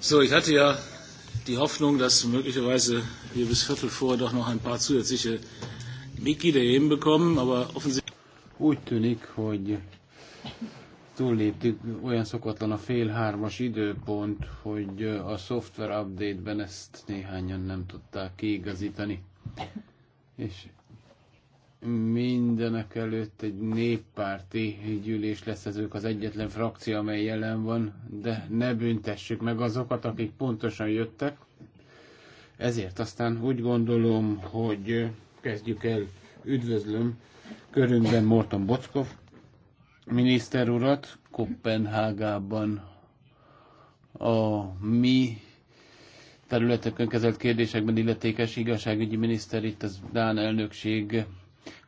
So, ich hatte ja die Hoffnung, dass möglicherweise wir bis Viertel vor doch noch ein paar zusätzliche Mitglieder hinbekommen, aber offensichtlich... Úgy tűnik, hogy túlléptük, olyan szokatlan a fél hármas időpont, hogy a software update-ben ezt néhányan nem tudták kiigazítani. És mindenek előtt egy néppárti gyűlés lesz, ez ők az egyetlen frakció, amely jelen van, de ne büntessük meg azokat, akik pontosan jöttek. Ezért aztán úgy gondolom, hogy kezdjük el. Üdvözlöm körünkben Morton Bockov miniszter urat Kopenhágában a mi területeken kezelt kérdésekben illetékes igazságügyi miniszter, itt az Dán elnökség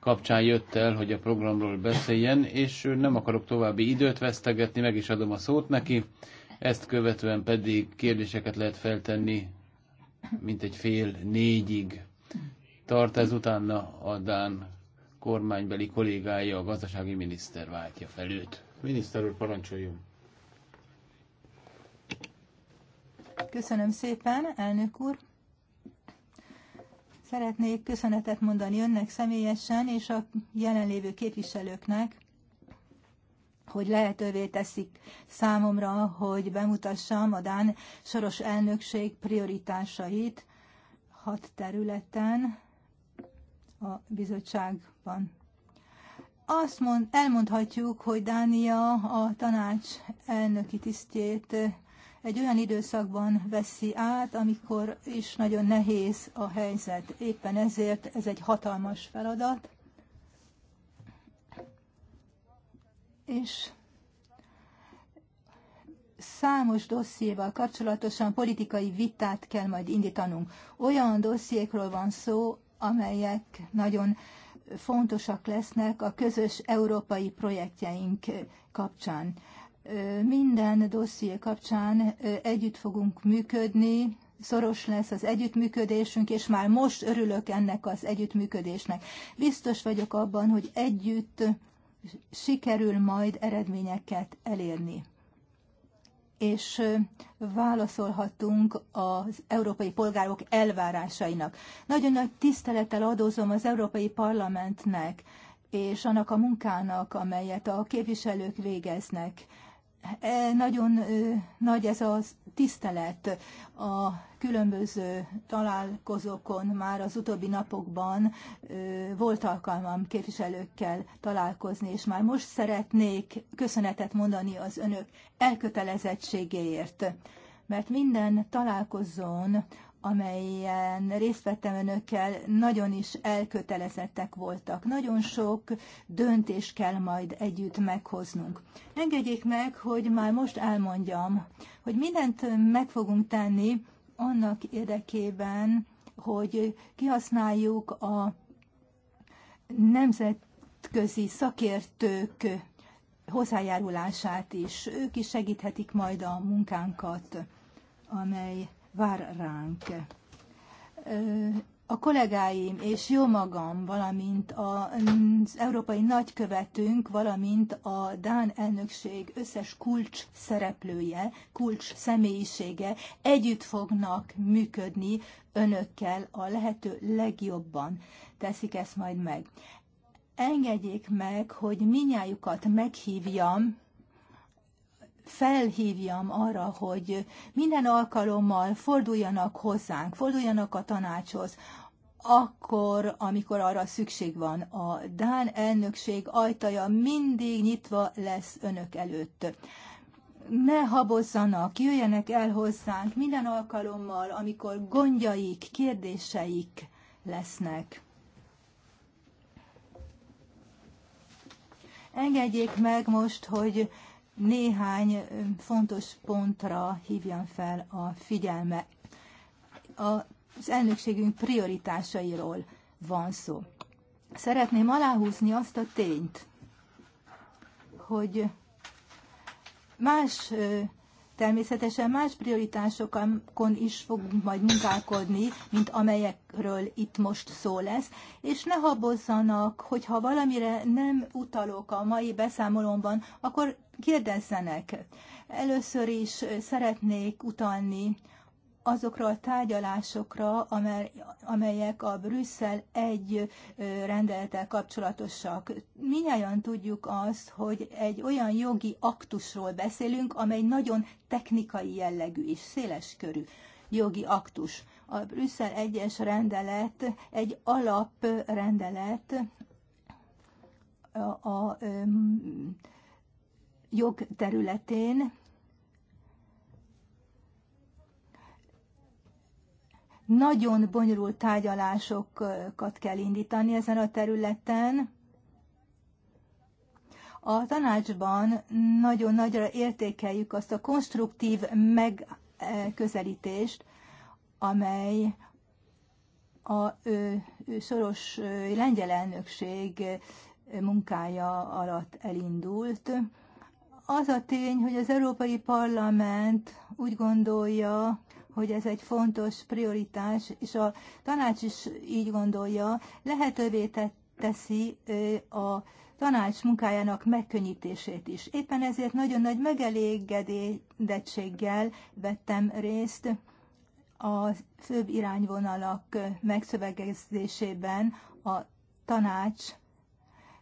kapcsán jött el, hogy a programról beszéljen, és nem akarok további időt vesztegetni, meg is adom a szót neki. Ezt követően pedig kérdéseket lehet feltenni, mint egy fél négyig. Tart ez utána a Dán kormánybeli kollégája, a gazdasági miniszter váltja fel őt. Miniszter úr, parancsoljon! Köszönöm szépen, elnök úr! Szeretnék köszönetet mondani önnek személyesen és a jelenlévő képviselőknek, hogy lehetővé teszik számomra, hogy bemutassam a Dán soros elnökség prioritásait hat területen a bizottságban. Azt mond, elmondhatjuk, hogy Dánia a tanács elnöki tisztjét egy olyan időszakban veszi át, amikor is nagyon nehéz a helyzet. Éppen ezért ez egy hatalmas feladat. És számos dossziéval kapcsolatosan politikai vitát kell majd indítanunk. Olyan dossziékról van szó, amelyek nagyon fontosak lesznek a közös európai projektjeink kapcsán. Minden dosszié kapcsán együtt fogunk működni, szoros lesz az együttműködésünk, és már most örülök ennek az együttműködésnek. Biztos vagyok abban, hogy együtt sikerül majd eredményeket elérni. És válaszolhatunk az európai polgárok elvárásainak. Nagyon nagy tisztelettel adózom az Európai Parlamentnek, és annak a munkának, amelyet a képviselők végeznek E, nagyon nagy ez a tisztelet a különböző találkozókon már az utóbbi napokban volt alkalmam képviselőkkel találkozni, és már most szeretnék köszönetet mondani az önök elkötelezettségéért, mert minden találkozón amelyen részt vettem önökkel, nagyon is elkötelezettek voltak. Nagyon sok döntést kell majd együtt meghoznunk. Engedjék meg, hogy már most elmondjam, hogy mindent meg fogunk tenni annak érdekében, hogy kihasználjuk a nemzetközi szakértők hozzájárulását is. Ők is segíthetik majd a munkánkat, amely vár ránk. A kollégáim és jó magam, valamint az európai nagykövetünk, valamint a Dán elnökség összes kulcs szereplője, kulcs személyisége együtt fognak működni önökkel a lehető legjobban. Teszik ezt majd meg engedjék meg, hogy minnyájukat meghívjam felhívjam arra, hogy minden alkalommal forduljanak hozzánk, forduljanak a tanácshoz, akkor, amikor arra szükség van. A Dán elnökség ajtaja mindig nyitva lesz önök előtt. Ne habozzanak, jöjjenek el hozzánk minden alkalommal, amikor gondjaik, kérdéseik lesznek. Engedjék meg most, hogy néhány fontos pontra hívjam fel a figyelme. Az elnökségünk prioritásairól van szó. Szeretném aláhúzni azt a tényt, hogy más Természetesen más prioritásokon is fogunk majd munkálkodni, mint amelyekről itt most szó lesz, és ne habozzanak, hogyha valamire nem utalok a mai beszámolomban, akkor kérdezzenek. Először is szeretnék utalni azokra a tárgyalásokra, amelyek a Brüsszel egy rendelettel kapcsolatosak. Minnyáján tudjuk azt, hogy egy olyan jogi aktusról beszélünk, amely nagyon technikai jellegű és széleskörű jogi aktus. A Brüsszel egyes rendelet egy alaprendelet a, a, a jogterületén, nagyon bonyolult tárgyalásokat kell indítani ezen a területen. A tanácsban nagyon nagyra értékeljük azt a konstruktív megközelítést, amely a ő, ő soros lengyel elnökség munkája alatt elindult. Az a tény, hogy az Európai Parlament úgy gondolja, hogy ez egy fontos prioritás, és a tanács is így gondolja, lehetővé teszi a tanács munkájának megkönnyítését is. Éppen ezért nagyon nagy megelégedettséggel vettem részt a főbb irányvonalak megszövegezésében a tanács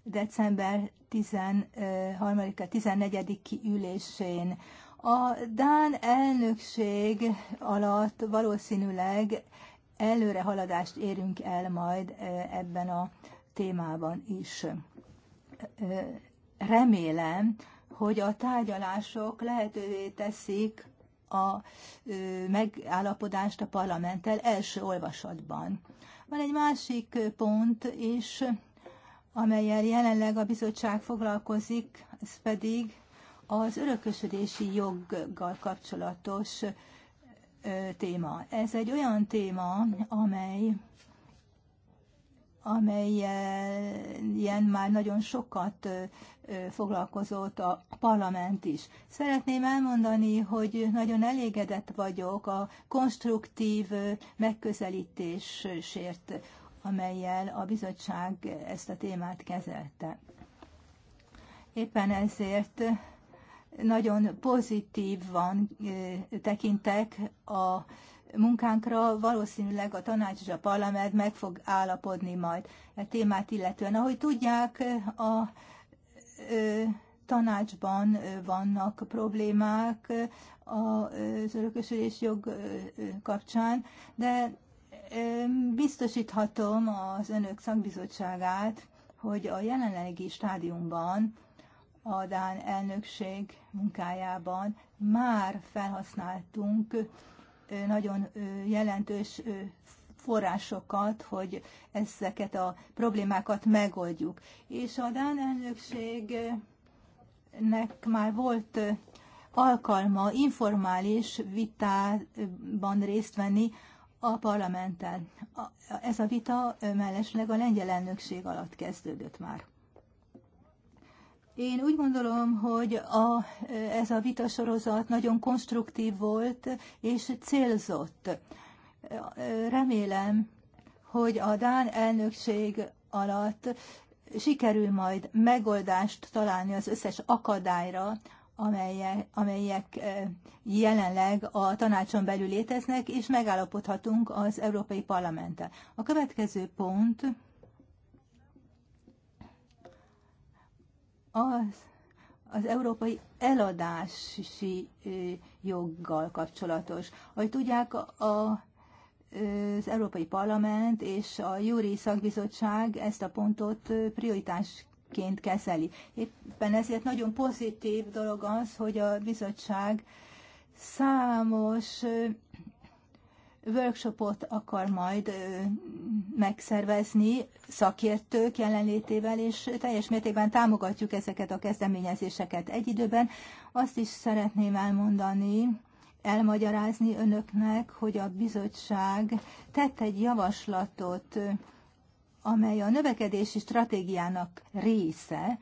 december 13 14 ülésén a Dán elnökség alatt valószínűleg előrehaladást érünk el majd ebben a témában is. Remélem, hogy a tárgyalások lehetővé teszik a megállapodást a parlamenttel első olvasatban. Van egy másik pont is, amelyel jelenleg a bizottság foglalkozik, ez pedig az örökösödési joggal kapcsolatos téma. Ez egy olyan téma, amely amelyen már nagyon sokat foglalkozott a parlament is. Szeretném elmondani, hogy nagyon elégedett vagyok a konstruktív megközelítésért, amelyel a bizottság ezt a témát kezelte. Éppen ezért nagyon pozitívan tekintek a munkánkra, valószínűleg a tanács és a parlament meg fog állapodni majd a e témát illetően. Ahogy tudják, a tanácsban vannak problémák az örökösödés jog kapcsán, de biztosíthatom az önök szakbizottságát, hogy a jelenlegi stádiumban a Dán elnökség munkájában már felhasználtunk nagyon jelentős forrásokat, hogy ezeket a problémákat megoldjuk. És a Dán elnökségnek már volt alkalma informális vitában részt venni a parlamenttel. Ez a vita mellesleg a lengyel elnökség alatt kezdődött már. Én úgy gondolom, hogy a, ez a vitasorozat nagyon konstruktív volt és célzott. Remélem, hogy a Dán elnökség alatt sikerül majd megoldást találni az összes akadályra, amelyek, amelyek eh, jelenleg a tanácson belül léteznek, és megállapodhatunk az Európai Parlamenttel. A következő pont az, az európai eladási joggal kapcsolatos. Ahogy tudják, a, az Európai Parlament és a Júri Szakbizottság ezt a pontot prioritásként kezeli. Éppen ezért nagyon pozitív dolog az, hogy a bizottság számos workshopot akar majd megszervezni szakértők jelenlétével, és teljes mértékben támogatjuk ezeket a kezdeményezéseket egy időben. Azt is szeretném elmondani, elmagyarázni önöknek, hogy a bizottság tett egy javaslatot, amely a növekedési stratégiának része,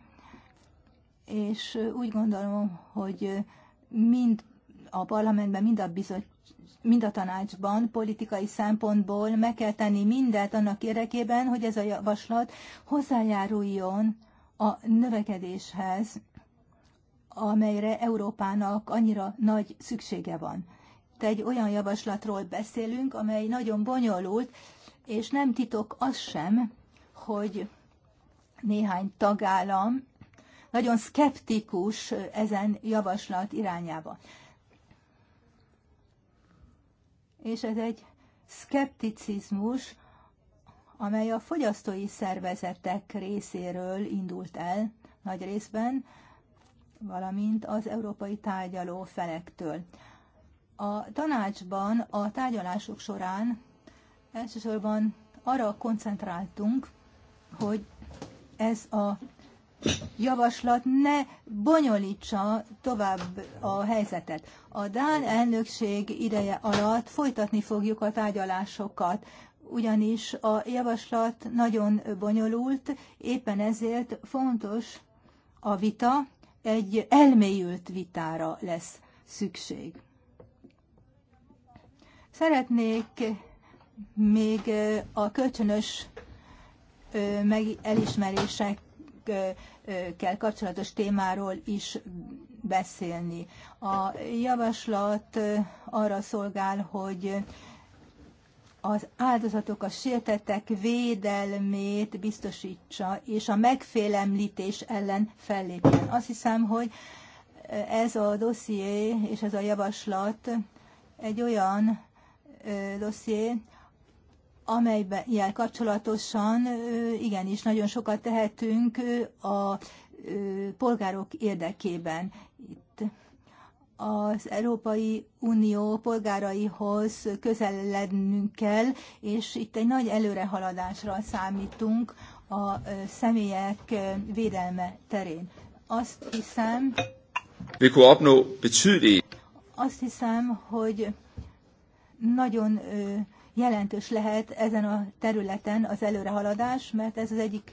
és úgy gondolom, hogy mind a parlamentben, mind a bizottság mind a tanácsban politikai szempontból meg kell tenni mindet annak érdekében, hogy ez a javaslat hozzájáruljon a növekedéshez, amelyre Európának annyira nagy szüksége van. Te egy olyan javaslatról beszélünk, amely nagyon bonyolult, és nem titok az sem, hogy néhány tagállam nagyon szkeptikus ezen javaslat irányába és ez egy szkepticizmus, amely a fogyasztói szervezetek részéről indult el nagy részben, valamint az európai tárgyaló felektől. A tanácsban a tárgyalások során elsősorban arra koncentráltunk, hogy ez a javaslat ne bonyolítsa tovább a helyzetet. A Dán elnökség ideje alatt folytatni fogjuk a tárgyalásokat, ugyanis a javaslat nagyon bonyolult, éppen ezért fontos a vita, egy elmélyült vitára lesz szükség. Szeretnék még a kölcsönös elismerések kell kapcsolatos témáról is beszélni. A javaslat arra szolgál, hogy az áldozatok, a sértettek védelmét biztosítsa, és a megfélemlítés ellen fellépjen. Azt hiszem, hogy ez a dosszié és ez a javaslat egy olyan dosszié, amelyben kapcsolatosan igenis nagyon sokat tehetünk a polgárok érdekében. Itt az Európai Unió polgáraihoz közelednünk kell, és itt egy nagy előrehaladásra számítunk a személyek védelme terén. Azt hiszem, azt hiszem, hogy nagyon jelentős lehet ezen a területen az előrehaladás, mert ez az egyik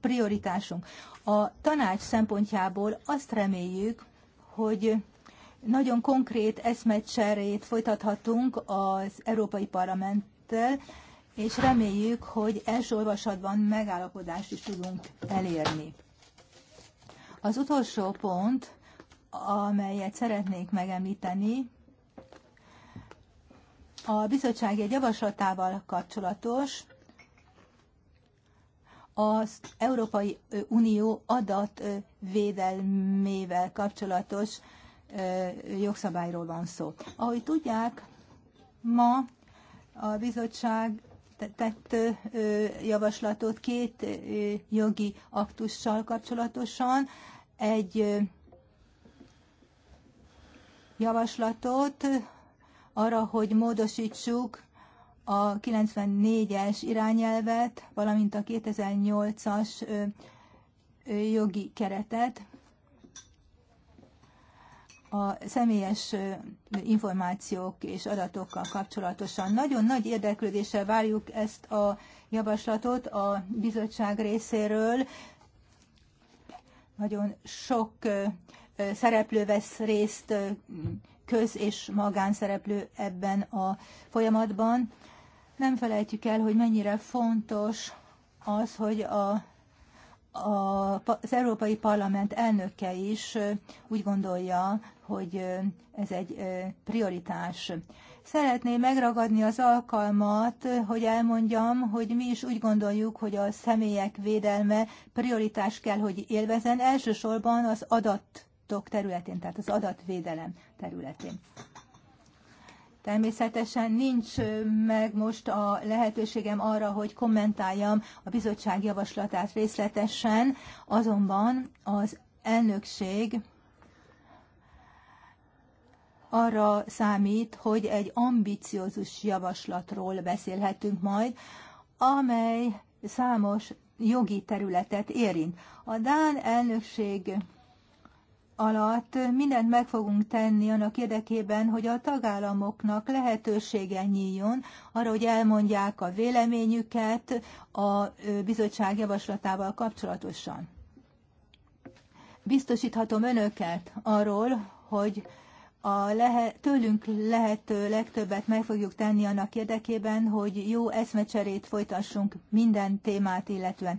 prioritásunk. A tanács szempontjából azt reméljük, hogy nagyon konkrét eszmecserét folytathatunk az Európai Parlamenttel, és reméljük, hogy első olvasatban megállapodást is tudunk elérni. Az utolsó pont, amelyet szeretnék megemlíteni, a bizottság egy javaslatával kapcsolatos, az Európai Unió adatvédelmével kapcsolatos jogszabályról van szó. Ahogy tudják, ma a bizottság tett javaslatot két jogi aktussal kapcsolatosan, egy javaslatot arra, hogy módosítsuk a 94-es irányelvet, valamint a 2008-as jogi keretet a személyes információk és adatokkal kapcsolatosan. Nagyon nagy érdeklődéssel várjuk ezt a javaslatot a bizottság részéről. Nagyon sok szereplő vesz részt köz- és magánszereplő ebben a folyamatban. Nem felejtjük el, hogy mennyire fontos az, hogy a, a, az Európai Parlament elnöke is úgy gondolja, hogy ez egy prioritás. Szeretném megragadni az alkalmat, hogy elmondjam, hogy mi is úgy gondoljuk, hogy a személyek védelme prioritás kell, hogy élvezen, elsősorban az adat adatok területén, tehát az adatvédelem területén. Természetesen nincs meg most a lehetőségem arra, hogy kommentáljam a bizottság javaslatát részletesen, azonban az elnökség arra számít, hogy egy ambiciózus javaslatról beszélhetünk majd, amely számos jogi területet érint. A Dán elnökség alatt mindent meg fogunk tenni annak érdekében, hogy a tagállamoknak lehetősége nyíljon arra, hogy elmondják a véleményüket a bizottság javaslatával kapcsolatosan. Biztosíthatom önöket arról, hogy a lehe, tőlünk lehető legtöbbet meg fogjuk tenni annak érdekében, hogy jó eszmecserét folytassunk minden témát illetően.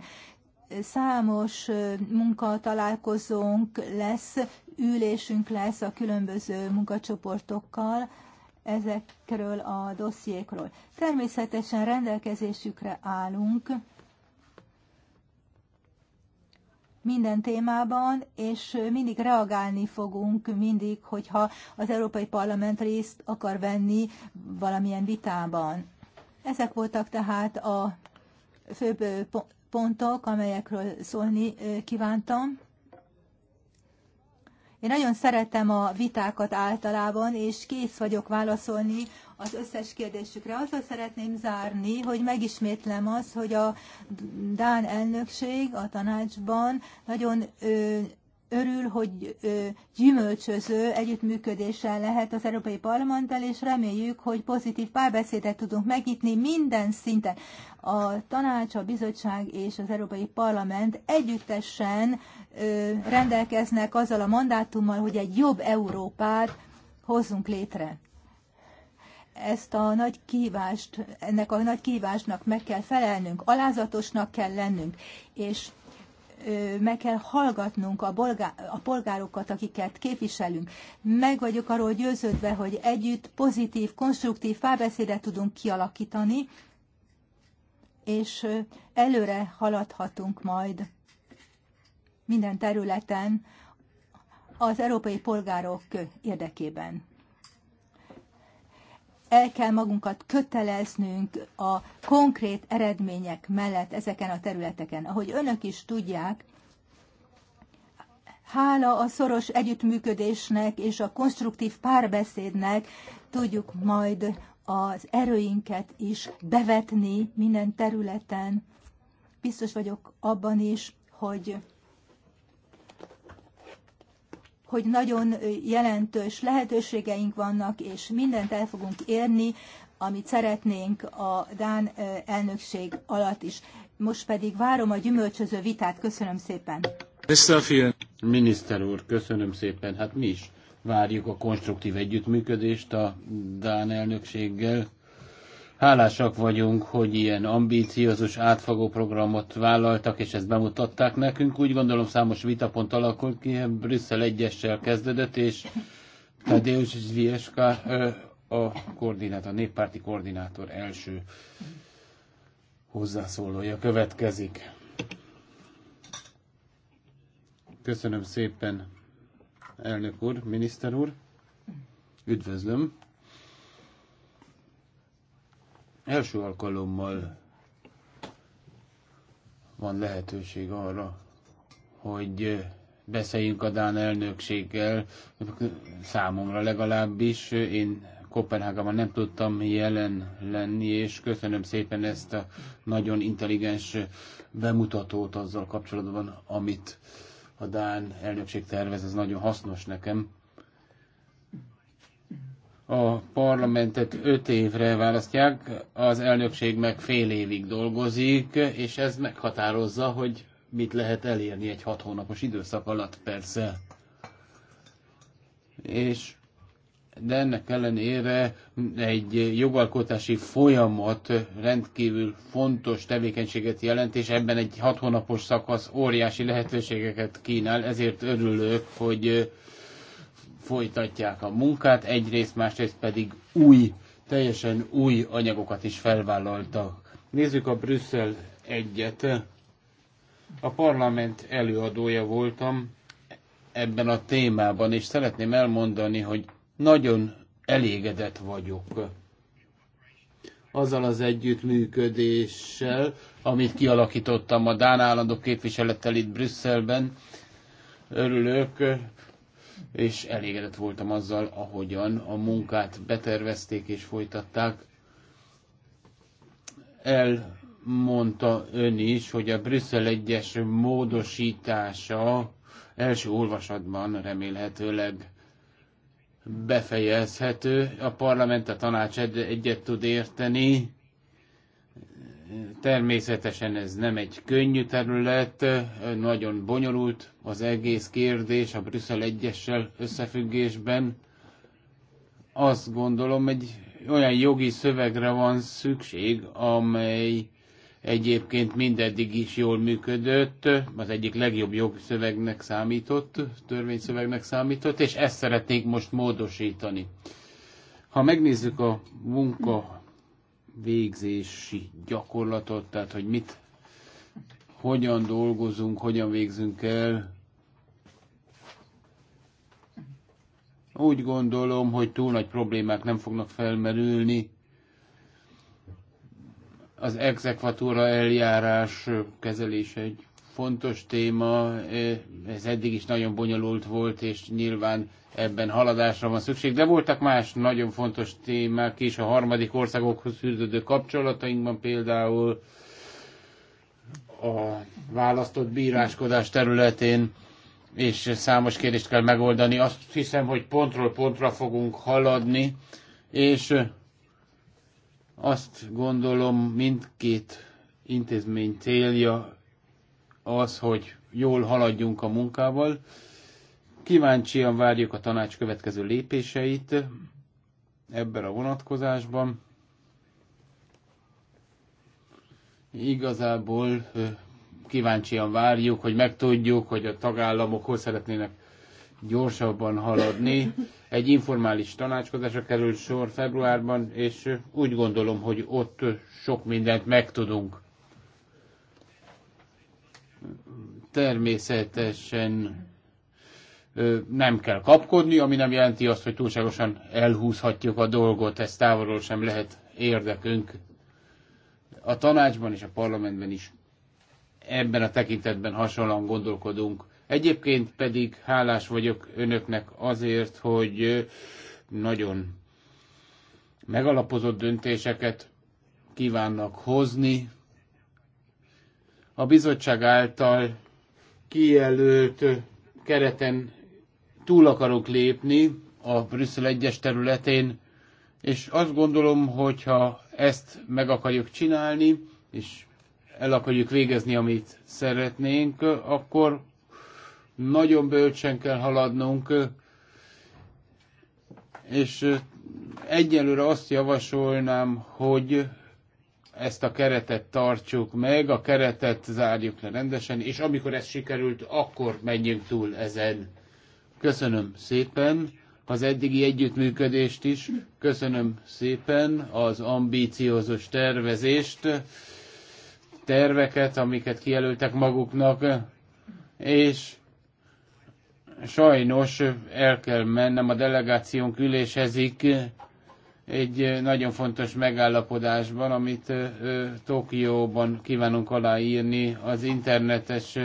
Számos munkatalálkozónk lesz, ülésünk lesz a különböző munkacsoportokkal ezekről a dossziékról. Természetesen rendelkezésükre állunk minden témában, és mindig reagálni fogunk, mindig, hogyha az Európai Parlament részt akar venni valamilyen vitában. Ezek voltak tehát a főbb pontok, amelyekről szólni kívántam. Én nagyon szeretem a vitákat általában, és kész vagyok válaszolni az összes kérdésükre. Azzal szeretném zárni, hogy megismétlem azt, hogy a Dán elnökség a tanácsban nagyon örül, hogy gyümölcsöző együttműködéssel lehet az Európai Parlamenttel, és reméljük, hogy pozitív párbeszédet tudunk megnyitni minden szinten. A tanács, a bizottság és az Európai Parlament együttesen rendelkeznek azzal a mandátummal, hogy egy jobb Európát hozzunk létre. Ezt a nagy kívást, ennek a nagy kívásnak meg kell felelnünk, alázatosnak kell lennünk, és meg kell hallgatnunk a, bolgá, a polgárokat, akiket képviselünk. Meg vagyok arról győződve, hogy együtt pozitív, konstruktív párbeszédet tudunk kialakítani, és előre haladhatunk majd minden területen az európai polgárok érdekében el kell magunkat köteleznünk a konkrét eredmények mellett ezeken a területeken. Ahogy önök is tudják, hála a szoros együttműködésnek és a konstruktív párbeszédnek tudjuk majd az erőinket is bevetni minden területen. Biztos vagyok abban is, hogy hogy nagyon jelentős lehetőségeink vannak, és mindent el fogunk érni, amit szeretnénk a Dán elnökség alatt is. Most pedig várom a gyümölcsöző vitát. Köszönöm szépen. Miniszter úr, köszönöm szépen. Hát mi is várjuk a konstruktív együttműködést a Dán elnökséggel. Hálásak vagyunk, hogy ilyen ambíciózus, átfogó programot vállaltak, és ezt bemutatták nekünk. Úgy gondolom számos vitapont alakult ki, Brüsszel egyessel kezdődött, és Tadeusz Zvieska a koordinátor, a néppárti koordinátor első hozzászólója következik. Köszönöm szépen, elnök úr, miniszter úr. Üdvözlöm Első alkalommal van lehetőség arra, hogy beszéljünk a Dán elnökséggel, számomra legalábbis. Én Kopenhágában nem tudtam jelen lenni, és köszönöm szépen ezt a nagyon intelligens bemutatót azzal kapcsolatban, amit a Dán elnökség tervez, ez nagyon hasznos nekem a parlamentet öt évre választják, az elnökség meg fél évig dolgozik, és ez meghatározza, hogy mit lehet elérni egy hat hónapos időszak alatt persze. És de ennek ellenére egy jogalkotási folyamat rendkívül fontos tevékenységet jelent, és ebben egy hat hónapos szakasz óriási lehetőségeket kínál, ezért örülök, hogy folytatják a munkát, egyrészt, másrészt pedig új, teljesen új anyagokat is felvállaltak. Nézzük a Brüsszel egyet. A parlament előadója voltam ebben a témában, és szeretném elmondani, hogy nagyon elégedett vagyok azzal az együttműködéssel, amit kialakítottam a Dán állandó képviselettel itt Brüsszelben. Örülök, és elégedett voltam azzal, ahogyan a munkát betervezték és folytatták. Elmondta ön is, hogy a Brüsszel egyes módosítása első olvasatban remélhetőleg befejezhető. A parlament, a tanács egyet tud érteni Természetesen ez nem egy könnyű terület, nagyon bonyolult az egész kérdés a Brüsszel egyessel összefüggésben. Azt gondolom, egy olyan jogi szövegre van szükség, amely egyébként mindeddig is jól működött, az egyik legjobb jogszövegnek számított, törvényszövegnek számított, és ezt szeretnénk most módosítani. Ha megnézzük a munka végzési gyakorlatot, tehát hogy mit, hogyan dolgozunk, hogyan végzünk el. Úgy gondolom, hogy túl nagy problémák nem fognak felmerülni. Az exekvatúra eljárás kezelése egy fontos téma, ez eddig is nagyon bonyolult volt, és nyilván ebben haladásra van szükség, de voltak más nagyon fontos témák is, a harmadik országokhoz fűződő kapcsolatainkban például a választott bíráskodás területén, és számos kérdést kell megoldani. Azt hiszem, hogy pontról pontra fogunk haladni, és azt gondolom mindkét intézmény célja az, hogy jól haladjunk a munkával, Kíváncsian várjuk a tanács következő lépéseit ebben a vonatkozásban. Igazából kíváncsian várjuk, hogy megtudjuk, hogy a tagállamok hol szeretnének gyorsabban haladni. Egy informális tanácskozásra kerül sor februárban, és úgy gondolom, hogy ott sok mindent megtudunk. Természetesen nem kell kapkodni, ami nem jelenti azt, hogy túlságosan elhúzhatjuk a dolgot, ez távolról sem lehet érdekünk. A tanácsban és a parlamentben is ebben a tekintetben hasonlóan gondolkodunk. Egyébként pedig hálás vagyok önöknek azért, hogy nagyon megalapozott döntéseket kívánnak hozni. A bizottság által kijelölt kereten túl akarok lépni a Brüsszel egyes területén, és azt gondolom, hogyha ezt meg akarjuk csinálni, és el akarjuk végezni, amit szeretnénk, akkor nagyon bölcsen kell haladnunk, és egyelőre azt javasolnám, hogy ezt a keretet tartsuk meg, a keretet zárjuk le rendesen, és amikor ez sikerült, akkor menjünk túl ezen. Köszönöm szépen az eddigi együttműködést is. Köszönöm szépen az ambíciózus tervezést, terveket, amiket kijelöltek maguknak, és sajnos el kell mennem a delegációnk üléshezik egy nagyon fontos megállapodásban, amit Tokióban kívánunk aláírni az internetes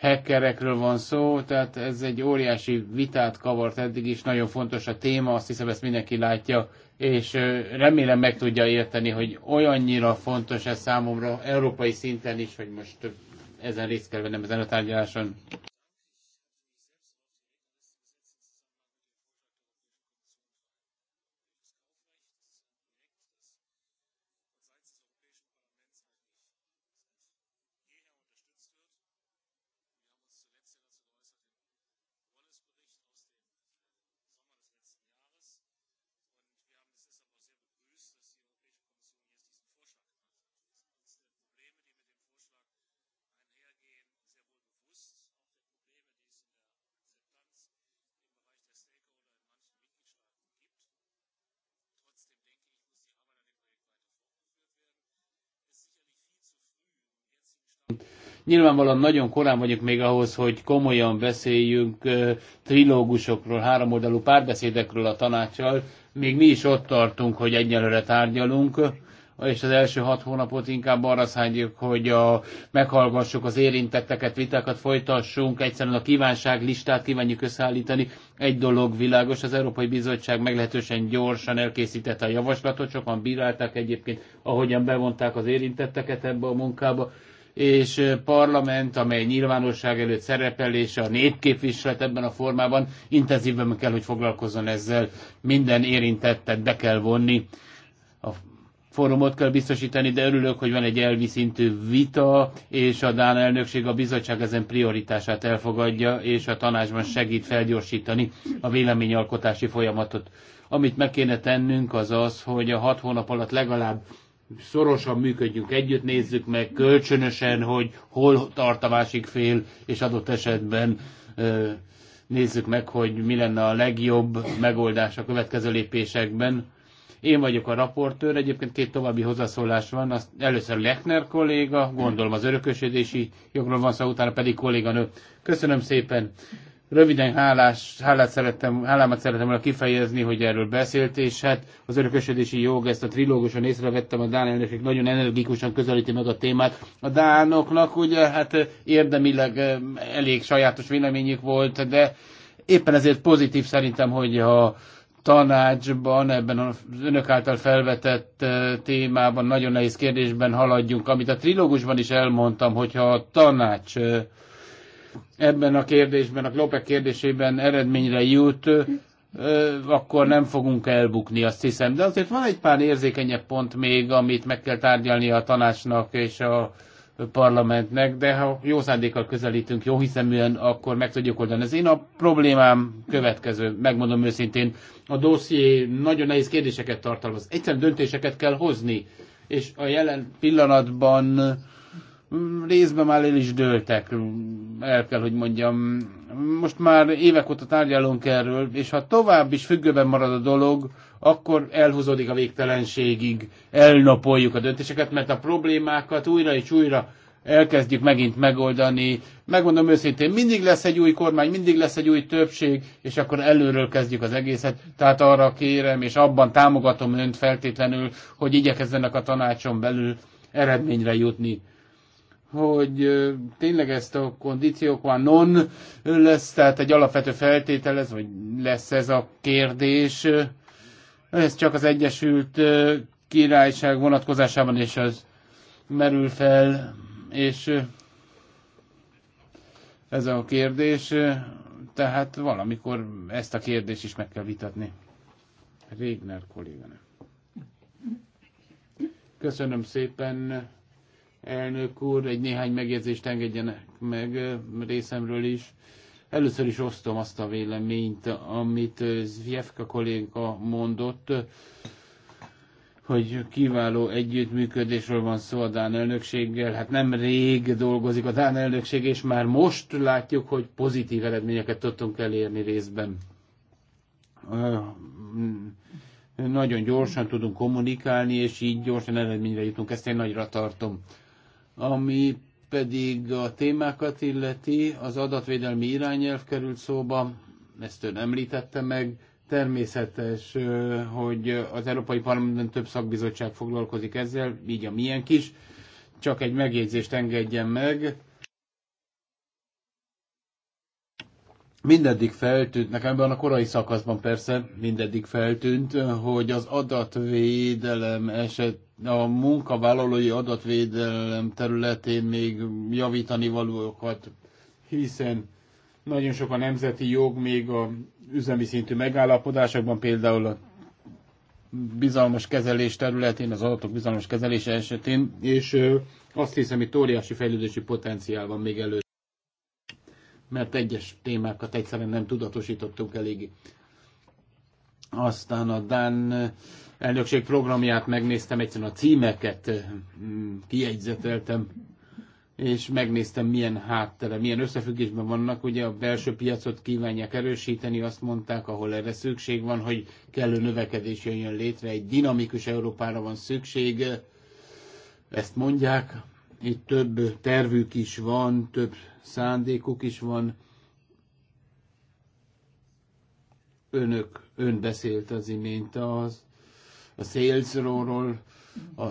hackerekről van szó, tehát ez egy óriási vitát kavart eddig is, nagyon fontos a téma, azt hiszem ezt mindenki látja, és remélem meg tudja érteni, hogy olyannyira fontos ez számomra európai szinten is, hogy most ezen részt kell vennem ezen a tárgyaláson. Nyilvánvalóan nagyon korán vagyunk még ahhoz, hogy komolyan beszéljünk trilógusokról, háromoldalú párbeszédekről a tanácssal. Még mi is ott tartunk, hogy egyelőre tárgyalunk, és az első hat hónapot inkább arra szálljuk, hogy a, meghallgassuk az érintetteket, vitákat folytassunk, egyszerűen a kívánság listát kívánjuk összeállítani. Egy dolog világos, az Európai Bizottság meglehetősen gyorsan elkészítette a javaslatot, sokan bírálták egyébként, ahogyan bevonták az érintetteket ebbe a munkába és parlament, amely nyilvánosság előtt szerepel, és a népképviselet ebben a formában intenzívben kell, hogy foglalkozzon ezzel. Minden érintettet be kell vonni. A fórumot kell biztosítani, de örülök, hogy van egy elvi szintű vita, és a Dán elnökség a bizottság ezen prioritását elfogadja, és a tanácsban segít felgyorsítani a véleményalkotási folyamatot. Amit meg kéne tennünk, az az, hogy a hat hónap alatt legalább szorosan működjünk együtt, nézzük meg kölcsönösen, hogy hol tart a másik fél, és adott esetben nézzük meg, hogy mi lenne a legjobb megoldás a következő lépésekben. Én vagyok a raportőr, egyébként két további hozzászólás van. Az először Lechner kolléga, gondolom az örökösödési jogról van szó, utána pedig kolléganő. Köszönöm szépen Röviden hálás, hálát szerettem, hálámat szerettem volna kifejezni, hogy erről beszélt, és hát az örökösödési jog, ezt a trilógusan észrevettem, a Dán elnökség nagyon energikusan közelíti meg a témát. A Dánoknak ugye hát érdemileg elég sajátos véleményük volt, de éppen ezért pozitív szerintem, hogy a tanácsban, ebben az önök által felvetett témában, nagyon nehéz kérdésben haladjunk, amit a trilógusban is elmondtam, hogyha a tanács ebben a kérdésben, a Klopek kérdésében eredményre jut, akkor nem fogunk elbukni, azt hiszem. De azért van egy pár érzékenyebb pont még, amit meg kell tárgyalni a tanácsnak és a parlamentnek, de ha jó szándékkal közelítünk, jó hiszeműen, akkor meg tudjuk oldani. Ez én a problémám következő, megmondom őszintén, a dosszié nagyon nehéz kérdéseket tartalmaz. Egyszerűen döntéseket kell hozni, és a jelen pillanatban Mm, részben már el is dőltek, mm, el kell, hogy mondjam. Most már évek óta tárgyalunk erről, és ha tovább is függőben marad a dolog, akkor elhúzódik a végtelenségig, elnapoljuk a döntéseket, mert a problémákat újra és újra elkezdjük megint megoldani. Megmondom őszintén, mindig lesz egy új kormány, mindig lesz egy új többség, és akkor előről kezdjük az egészet. Tehát arra kérem, és abban támogatom önt feltétlenül, hogy igyekezzenek a tanácson belül eredményre jutni hogy tényleg ezt a kondíciók van non lesz, tehát egy alapvető feltétel ez, vagy lesz ez a kérdés. Ez csak az Egyesült Királyság vonatkozásában és az merül fel, és ez a kérdés, tehát valamikor ezt a kérdést is meg kell vitatni. Régner kolléganő. Köszönöm szépen elnök úr, egy néhány megjegyzést engedjenek meg részemről is. Először is osztom azt a véleményt, amit Zvjevka kolléga mondott, hogy kiváló együttműködésről van szó a Dán elnökséggel. Hát nem rég dolgozik a Dán elnökség, és már most látjuk, hogy pozitív eredményeket tudtunk elérni részben. Nagyon gyorsan tudunk kommunikálni, és így gyorsan eredményre jutunk. Ezt én nagyra tartom. Ami pedig a témákat illeti, az adatvédelmi irányelv került szóba, ezt ön említette meg, természetes, hogy az Európai Parlamentben több szakbizottság foglalkozik ezzel, így a milyen kis, csak egy megjegyzést engedjen meg. Mindeddig feltűnt, nekem ebben a korai szakaszban persze mindeddig feltűnt, hogy az adatvédelem eset a munkavállalói adatvédelem területén még javítani valókat, hiszen nagyon sok a nemzeti jog még a üzemi szintű megállapodásokban, például a bizalmas kezelés területén, az adatok bizalmas kezelése esetén, és azt hiszem, itt óriási fejlődési potenciál van még előtt, mert egyes témákat egyszerűen nem tudatosítottunk eléggé. Aztán a Dán elnökség programját megnéztem, egyszerűen a címeket mm, kiegyzeteltem, és megnéztem, milyen háttere, milyen összefüggésben vannak. Ugye a belső piacot kívánják erősíteni, azt mondták, ahol erre szükség van, hogy kellő növekedés jöjjön létre, egy dinamikus Európára van szükség, ezt mondják. Itt több tervük is van, több szándékuk is van. Önök, ön beszélt az imént az a szélzróról, a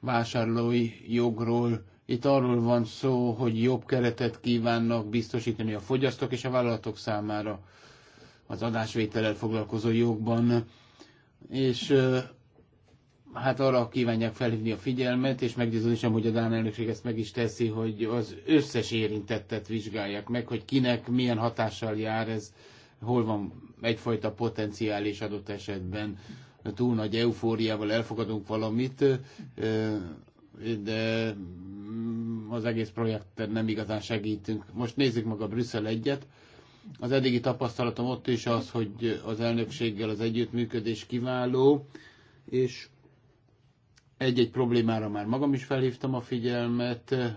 vásárlói jogról. Itt arról van szó, hogy jobb keretet kívánnak biztosítani a fogyasztók és a vállalatok számára az adásvétellel foglalkozó jogban. És hát arra kívánják felhívni a figyelmet, és meggyőződésem, hogy a Dán elnökség ezt meg is teszi, hogy az összes érintettet vizsgálják meg, hogy kinek milyen hatással jár ez, hol van egyfajta potenciális adott esetben túl nagy eufóriával elfogadunk valamit, de az egész projekten nem igazán segítünk. Most nézzük meg a Brüsszel egyet. Az eddigi tapasztalatom ott is az, hogy az elnökséggel az együttműködés kiváló, és egy-egy problémára már magam is felhívtam a figyelmet.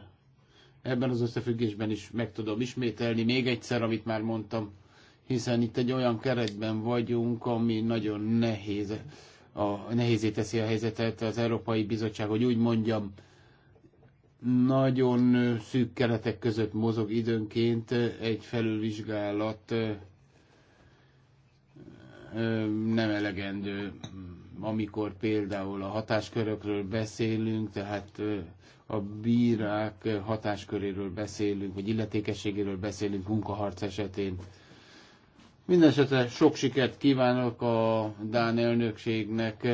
Ebben az összefüggésben is meg tudom ismételni még egyszer, amit már mondtam hiszen itt egy olyan keretben vagyunk, ami nagyon nehéz, a, nehézé teszi a helyzetet az Európai Bizottság, hogy úgy mondjam, nagyon szűk keretek között mozog időnként egy felülvizsgálat nem elegendő, amikor például a hatáskörökről beszélünk, tehát a bírák hatásköréről beszélünk, vagy illetékességéről beszélünk munkaharc esetén. Mindenesetre sok sikert kívánok a Dán elnökségnek,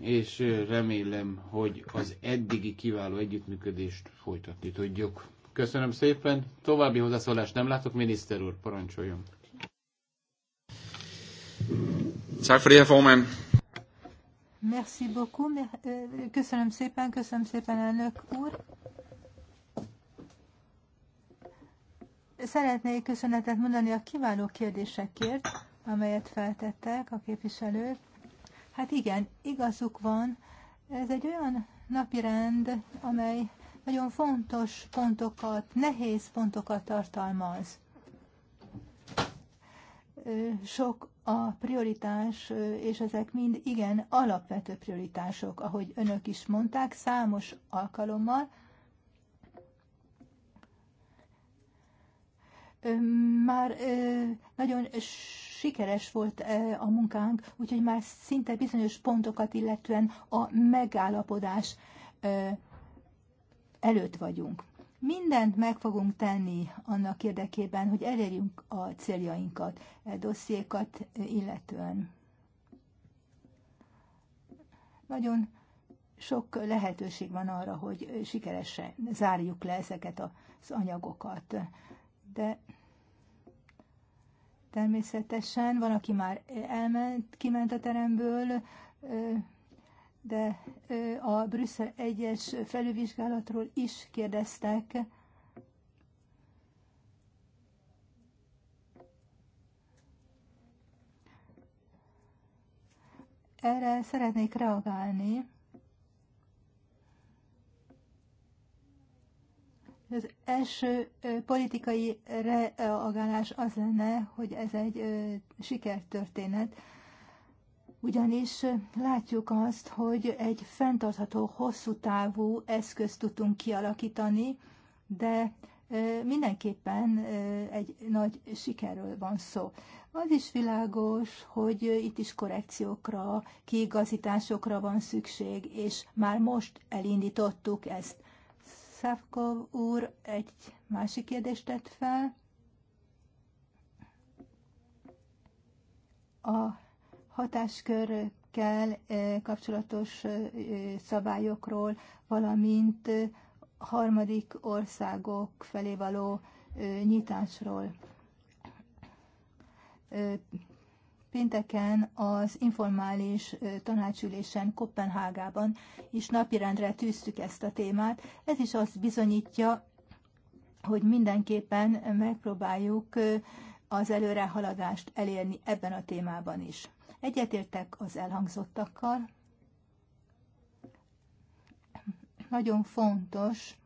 és remélem, hogy az eddigi kiváló együttműködést folytatni tudjuk. Köszönöm szépen. További hozzászólást nem látok. Miniszter úr, parancsoljon. Tak for det, formand. Merci beaucoup. Köszönöm szépen, köszönöm szépen, elnök úr. Szeretnék köszönetet mondani a kiváló kérdésekért, amelyet feltettek a képviselők. Hát igen, igazuk van. Ez egy olyan napirend, amely nagyon fontos pontokat, nehéz pontokat tartalmaz. Sok a prioritás, és ezek mind igen alapvető prioritások, ahogy önök is mondták, számos alkalommal már nagyon sikeres volt a munkánk, úgyhogy már szinte bizonyos pontokat illetően a megállapodás előtt vagyunk. Mindent meg fogunk tenni annak érdekében, hogy elérjünk a céljainkat, a e dossziékat illetően. Nagyon sok lehetőség van arra, hogy sikeresen zárjuk le ezeket az anyagokat de természetesen van, aki már elment, kiment a teremből, de a Brüsszel egyes felülvizsgálatról is kérdeztek. Erre szeretnék reagálni. Az első politikai reagálás az lenne, hogy ez egy sikertörténet, ugyanis látjuk azt, hogy egy fenntartható, hosszú távú eszközt tudtunk kialakítani, de mindenképpen egy nagy sikerről van szó. Az is világos, hogy itt is korrekciókra, kiigazításokra van szükség, és már most elindítottuk ezt. Szávkov úr egy másik kérdést tett fel. A hatáskörökkel eh, kapcsolatos eh, szabályokról, valamint eh, harmadik országok felé való nyitásról Pénteken az informális tanácsülésen Kopenhágában is napirendre tűztük ezt a témát. Ez is azt bizonyítja, hogy mindenképpen megpróbáljuk az előrehaladást elérni ebben a témában is. Egyetértek az elhangzottakkal. Nagyon fontos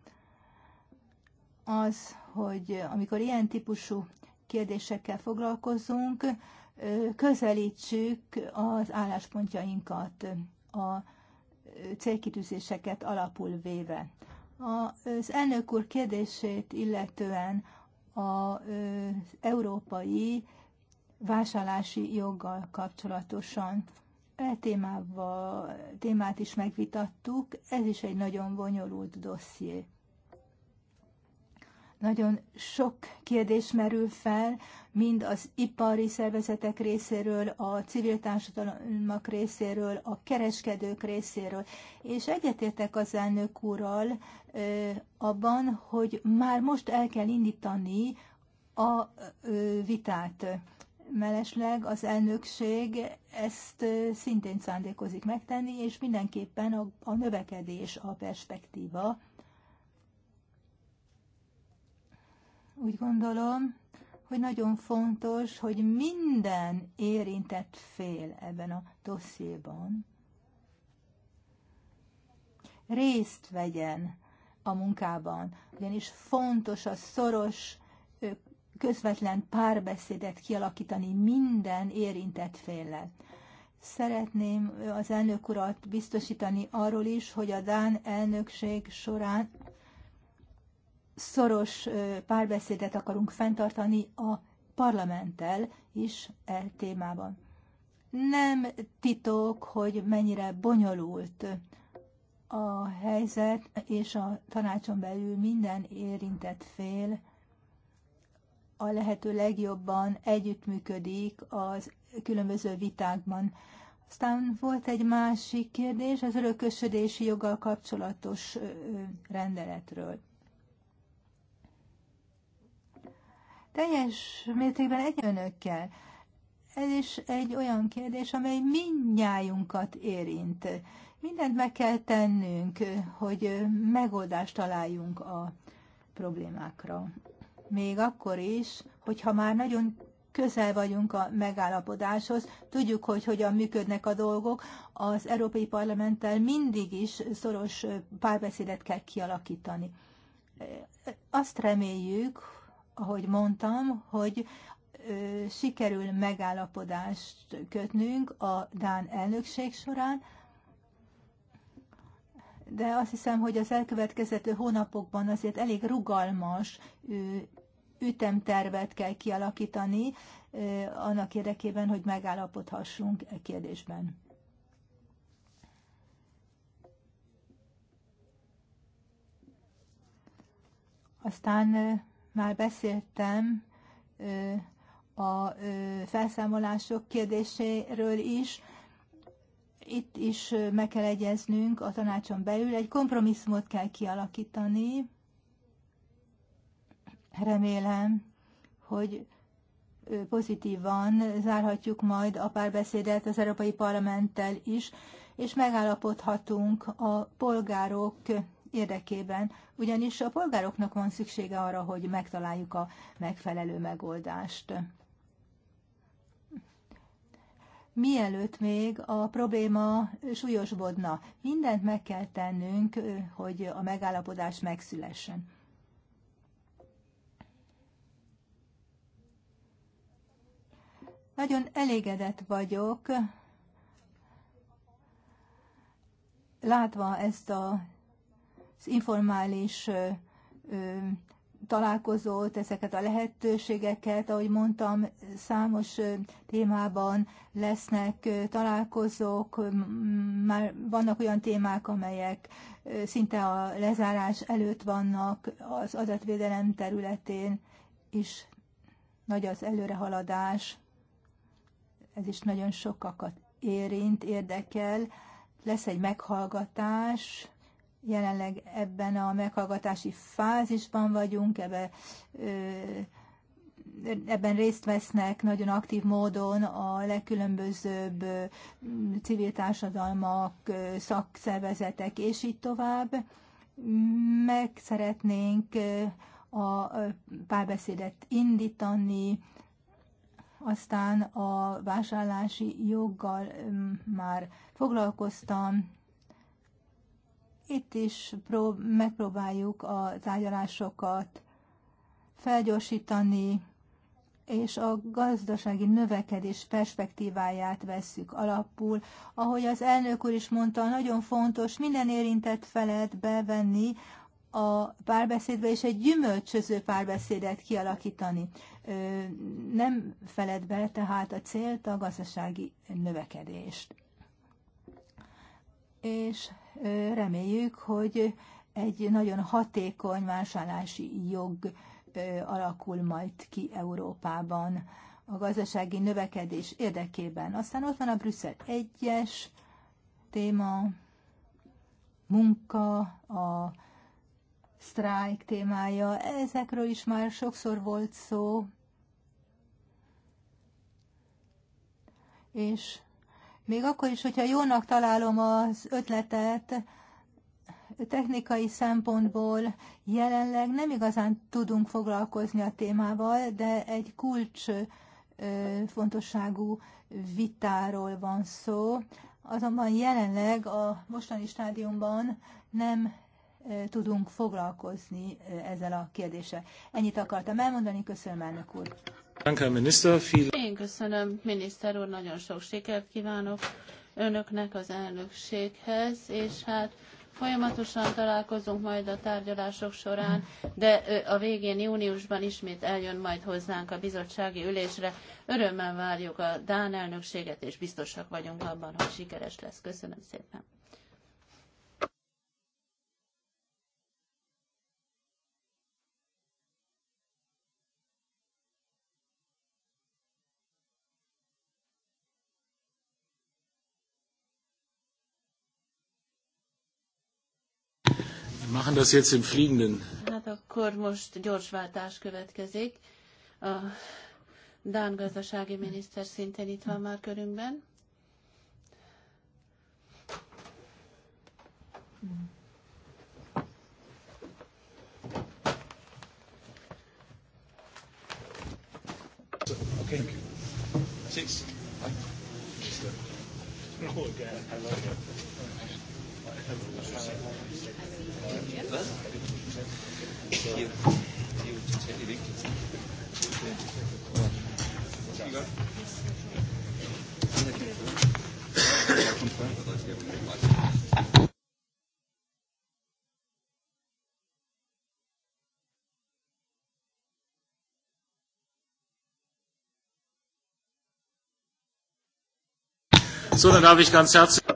az, hogy amikor ilyen típusú kérdésekkel foglalkozunk, közelítsük az álláspontjainkat a célkitűzéseket alapul véve. Az elnök úr kérdését illetően az európai vásárlási joggal kapcsolatosan e témával, témát is megvitattuk, ez is egy nagyon bonyolult dosszié. Nagyon sok kérdés merül fel, mind az ipari szervezetek részéről, a civil társadalmak részéről, a kereskedők részéről. És egyetértek az elnök úrral abban, hogy már most el kell indítani a vitát. Melesleg az elnökség ezt szintén szándékozik megtenni, és mindenképpen a, a növekedés a perspektíva. úgy gondolom, hogy nagyon fontos, hogy minden érintett fél ebben a dossziéban részt vegyen a munkában, ugyanis fontos a szoros, közvetlen párbeszédet kialakítani minden érintett féllel. Szeretném az elnök urat biztosítani arról is, hogy a Dán elnökség során szoros párbeszédet akarunk fenntartani a parlamenttel is e témában. Nem titok, hogy mennyire bonyolult a helyzet, és a tanácson belül minden érintett fél a lehető legjobban együttműködik az különböző vitákban. Aztán volt egy másik kérdés az örökösödési joggal kapcsolatos rendeletről. teljes mértékben egy önökkel. Ez is egy olyan kérdés, amely mindnyájunkat érint. Mindent meg kell tennünk, hogy megoldást találjunk a problémákra. Még akkor is, hogyha már nagyon közel vagyunk a megállapodáshoz, tudjuk, hogy hogyan működnek a dolgok, az Európai Parlamenttel mindig is szoros párbeszédet kell kialakítani. Azt reméljük, ahogy mondtam, hogy sikerül megállapodást kötnünk a Dán elnökség során, de azt hiszem, hogy az elkövetkezető hónapokban azért elég rugalmas ütemtervet kell kialakítani annak érdekében, hogy megállapodhassunk e kérdésben. Aztán már beszéltem a felszámolások kérdéséről is. Itt is meg kell egyeznünk a tanácson belül. Egy kompromisszumot kell kialakítani. Remélem, hogy pozitívan zárhatjuk majd a párbeszédet az Európai Parlamenttel is, és megállapodhatunk a polgárok érdekében, ugyanis a polgároknak van szüksége arra, hogy megtaláljuk a megfelelő megoldást. Mielőtt még a probléma súlyosbodna, mindent meg kell tennünk, hogy a megállapodás megszülessen. Nagyon elégedett vagyok, látva ezt a informális találkozót, ezeket a lehetőségeket, ahogy mondtam, számos témában lesznek találkozók, már vannak olyan témák, amelyek szinte a lezárás előtt vannak az adatvédelem területén, és nagy az előrehaladás, ez is nagyon sokakat érint, érdekel. Lesz egy meghallgatás, jelenleg ebben a meghallgatási fázisban vagyunk, ebbe, ebben részt vesznek nagyon aktív módon a legkülönbözőbb civil társadalmak, szakszervezetek és így tovább. Meg szeretnénk a párbeszédet indítani, aztán a vásárlási joggal már foglalkoztam, itt is prób- megpróbáljuk a tárgyalásokat felgyorsítani, és a gazdasági növekedés perspektíváját vesszük alapul. Ahogy az elnök úr is mondta, nagyon fontos minden érintett felet bevenni a párbeszédbe, és egy gyümölcsöző párbeszédet kialakítani. Nem feled be tehát a célt, a gazdasági növekedést. És reméljük, hogy egy nagyon hatékony vásárlási jog alakul majd ki Európában a gazdasági növekedés érdekében. Aztán ott van a Brüsszel egyes téma, munka, a sztrájk témája, ezekről is már sokszor volt szó, és még akkor is, hogyha jónak találom az ötletet, technikai szempontból jelenleg nem igazán tudunk foglalkozni a témával, de egy kulcs fontosságú vitáról van szó. Azonban jelenleg a mostani stádiumban nem tudunk foglalkozni ezzel a kérdéssel. Ennyit akartam elmondani, köszönöm elnök úr. Én köszönöm, miniszter úr, nagyon sok sikert kívánok önöknek az elnökséghez, és hát folyamatosan találkozunk majd a tárgyalások során, de a végén júniusban ismét eljön majd hozzánk a bizottsági ülésre. Örömmel várjuk a Dán elnökséget, és biztosak vagyunk abban, hogy sikeres lesz. Köszönöm szépen. machen das jetzt im Fliegenden. Hát akkor most gyorsváltás következik. A Dán gazdasági miniszter szintén itt van már körünkben. Okay. Six. Oh, God. I love again.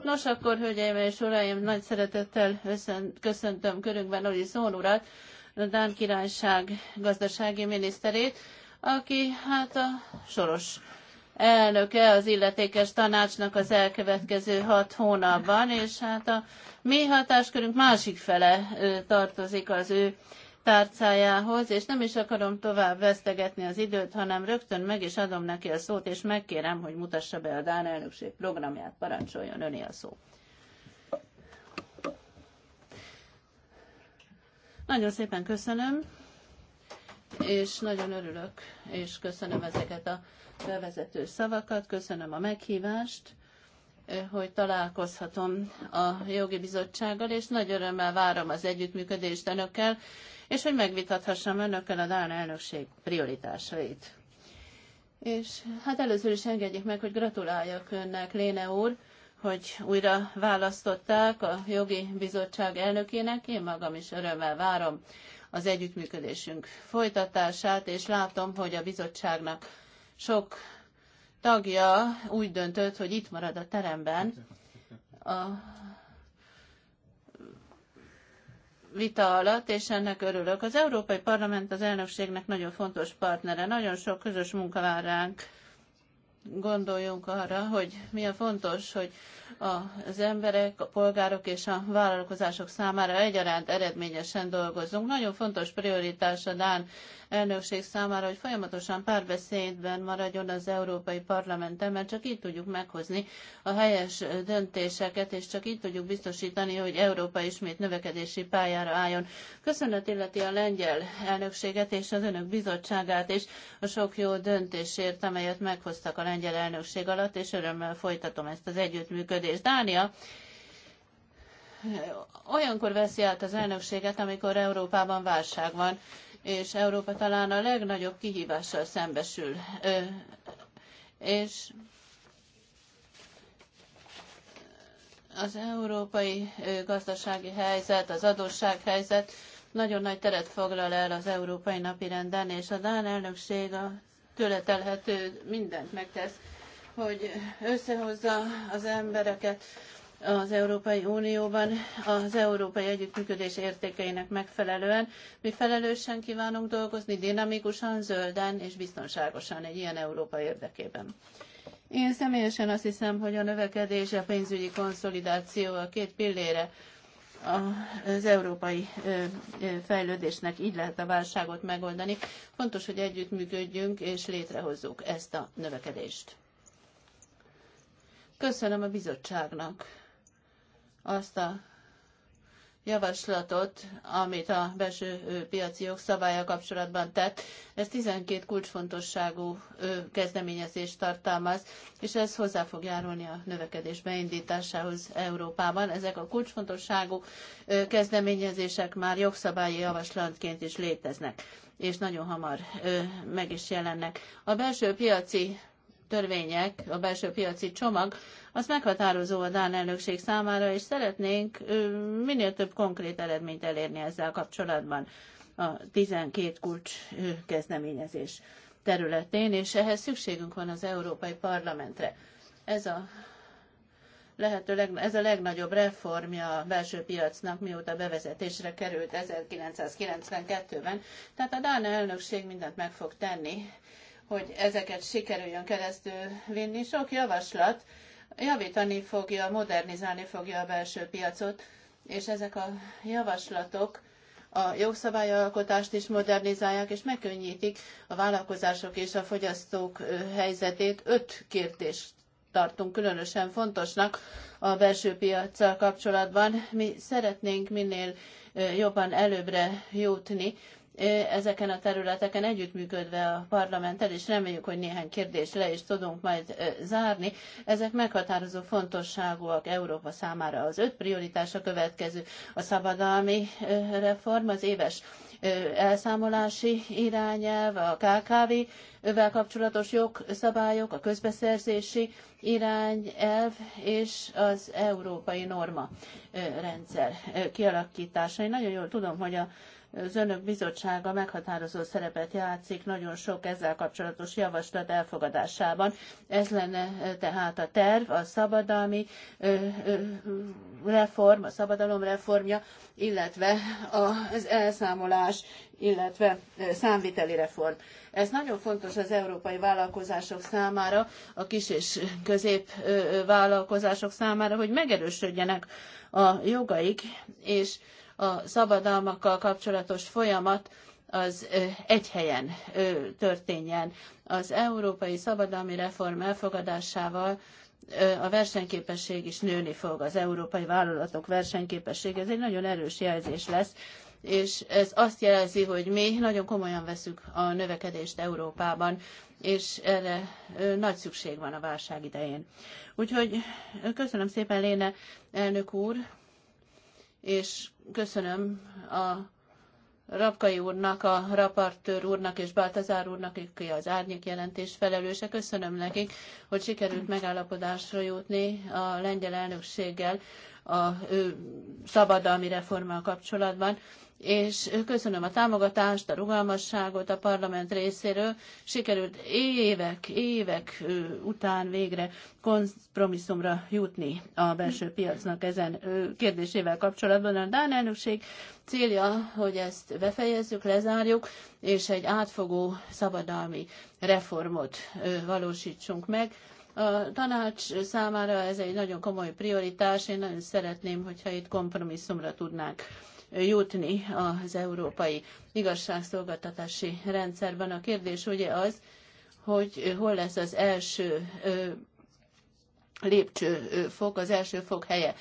Nos, akkor, hölgyeim és uraim, nagy szeretettel köszöntöm körünkben Oli Szón urat, a Dán Királyság gazdasági miniszterét, aki hát a soros elnöke az illetékes tanácsnak az elkövetkező hat hónapban, és hát a mi hatáskörünk másik fele tartozik az ő tárcájához, és nem is akarom tovább vesztegetni az időt, hanem rögtön meg is adom neki a szót, és megkérem, hogy mutassa be a Dán elnökség programját, parancsoljon öné a szó. Nagyon szépen köszönöm, és nagyon örülök, és köszönöm ezeket a bevezető szavakat, köszönöm a meghívást eh, hogy találkozhatom a jogi bizottsággal, és nagy örömmel várom az együttműködést önökkel, és hogy megvitathassam önökkel a Dán elnökség prioritásait. És hát először is engedjék meg, hogy gratuláljak önnek, Léne úr, hogy újra választották a jogi bizottság elnökének. Én magam is örömmel várom az együttműködésünk folytatását, és látom, hogy a bizottságnak sok tagja úgy döntött, hogy itt marad a teremben a vita alatt, és ennek örülök. Az Európai Parlament az elnökségnek nagyon fontos partnere, nagyon sok közös munka vár ránk gondoljunk arra, hogy milyen fontos, hogy az emberek, a polgárok és a vállalkozások számára egyaránt eredményesen dolgozunk. Nagyon fontos prioritás a Dán elnökség számára, hogy folyamatosan párbeszédben maradjon az Európai Parlament, mert csak így tudjuk meghozni a helyes döntéseket, és csak így tudjuk biztosítani, hogy Európa ismét növekedési pályára álljon. Köszönet illeti a lengyel elnökséget és az önök bizottságát és a sok jó döntésért, amelyet meghoztak a lengyel lengyel elnökség alatt, és örömmel folytatom ezt az együttműködést. Dánia olyankor veszi át az elnökséget, amikor Európában válság van, és Európa talán a legnagyobb kihívással szembesül. Ö, és az európai gazdasági helyzet, az helyzet nagyon nagy teret foglal el az európai napirenden, és a Dán elnökség a tőle telhető mindent megtesz, hogy összehozza az embereket az Európai Unióban az európai együttműködés értékeinek megfelelően. Mi felelősen kívánunk dolgozni, dinamikusan, zölden és biztonságosan egy ilyen Európa érdekében. Én személyesen azt hiszem, hogy a növekedés, a pénzügyi konszolidáció a két pillére az európai fejlődésnek így lehet a válságot megoldani. Fontos, hogy együttműködjünk és létrehozzuk ezt a növekedést. Köszönöm a bizottságnak azt a javaslatot, amit a belső piaci jogszabálya kapcsolatban tett. Ez 12 kulcsfontosságú kezdeményezést tartalmaz, és ez hozzá fog járulni a növekedés beindításához Európában. Ezek a kulcsfontosságú kezdeményezések már jogszabályi javaslatként is léteznek és nagyon hamar meg is jelennek. A belső piaci törvények, a belső piaci csomag, az meghatározó a Dán elnökség számára, és szeretnénk minél több konkrét eredményt elérni ezzel kapcsolatban a 12 kulcs kezdeményezés területén, és ehhez szükségünk van az Európai Parlamentre. Ez a lehető ez a legnagyobb reformja a belső piacnak, mióta bevezetésre került 1992-ben. Tehát a Dán elnökség mindent meg fog tenni hogy ezeket sikerüljön keresztül vinni. Sok javaslat javítani fogja, modernizálni fogja a belső piacot, és ezek a javaslatok a jogszabályalkotást is modernizálják, és megkönnyítik a vállalkozások és a fogyasztók helyzetét. Öt kérdést tartunk különösen fontosnak a belső piaccal kapcsolatban. Mi szeretnénk minél jobban előbbre jutni ezeken a területeken együttműködve a parlamenttel, és reméljük, hogy néhány kérdést le is tudunk majd zárni. Ezek meghatározó fontosságúak Európa számára. Az öt prioritás a következő. A szabadalmi reform, az éves elszámolási irányelv, a KKV-vel kapcsolatos jogszabályok, a közbeszerzési irányelv és az európai norma rendszer kialakítása. Én nagyon jól tudom, hogy a az önök bizottsága meghatározó szerepet játszik nagyon sok ezzel kapcsolatos javaslat elfogadásában. Ez lenne eh, tehát a terv, a szabadalmi eh, eh, reform, a szabadalom reformja, illetve az elszámolás, illetve számviteli reform. Ez nagyon fontos az európai vállalkozások számára, a kis és közép vállalkozások számára, hogy megerősödjenek a jogaik, és a szabadalmakkal kapcsolatos folyamat az egy helyen történjen. Az európai szabadalmi reform elfogadásával a versenyképesség is nőni fog, az európai vállalatok versenyképessége. Ez egy nagyon erős jelzés lesz, és ez azt jelzi, hogy mi nagyon komolyan veszük a növekedést Európában, és erre nagy szükség van a válság idején. Úgyhogy köszönöm szépen, Léne elnök úr, és köszönöm a Rapkai úrnak, a rapartőr úrnak és Baltazár úrnak, aki az árnyék jelentés felelőse. Köszönöm nekik, hogy sikerült megállapodásra jutni a lengyel elnökséggel a szabadalmi reformmal kapcsolatban és köszönöm a támogatást, a rugalmasságot a parlament részéről. Sikerült évek, évek után végre kompromisszumra jutni a belső piacnak ezen kérdésével kapcsolatban. A Dán elnökség célja, hogy ezt befejezzük, lezárjuk, és egy átfogó szabadalmi reformot valósítsunk meg. A tanács számára ez egy nagyon komoly prioritás, én nagyon szeretném, hogyha itt kompromisszumra tudnánk jutni az európai igazságszolgáltatási rendszerben. A kérdés ugye az, hogy hol lesz az első lépcsőfok, az első fok helye.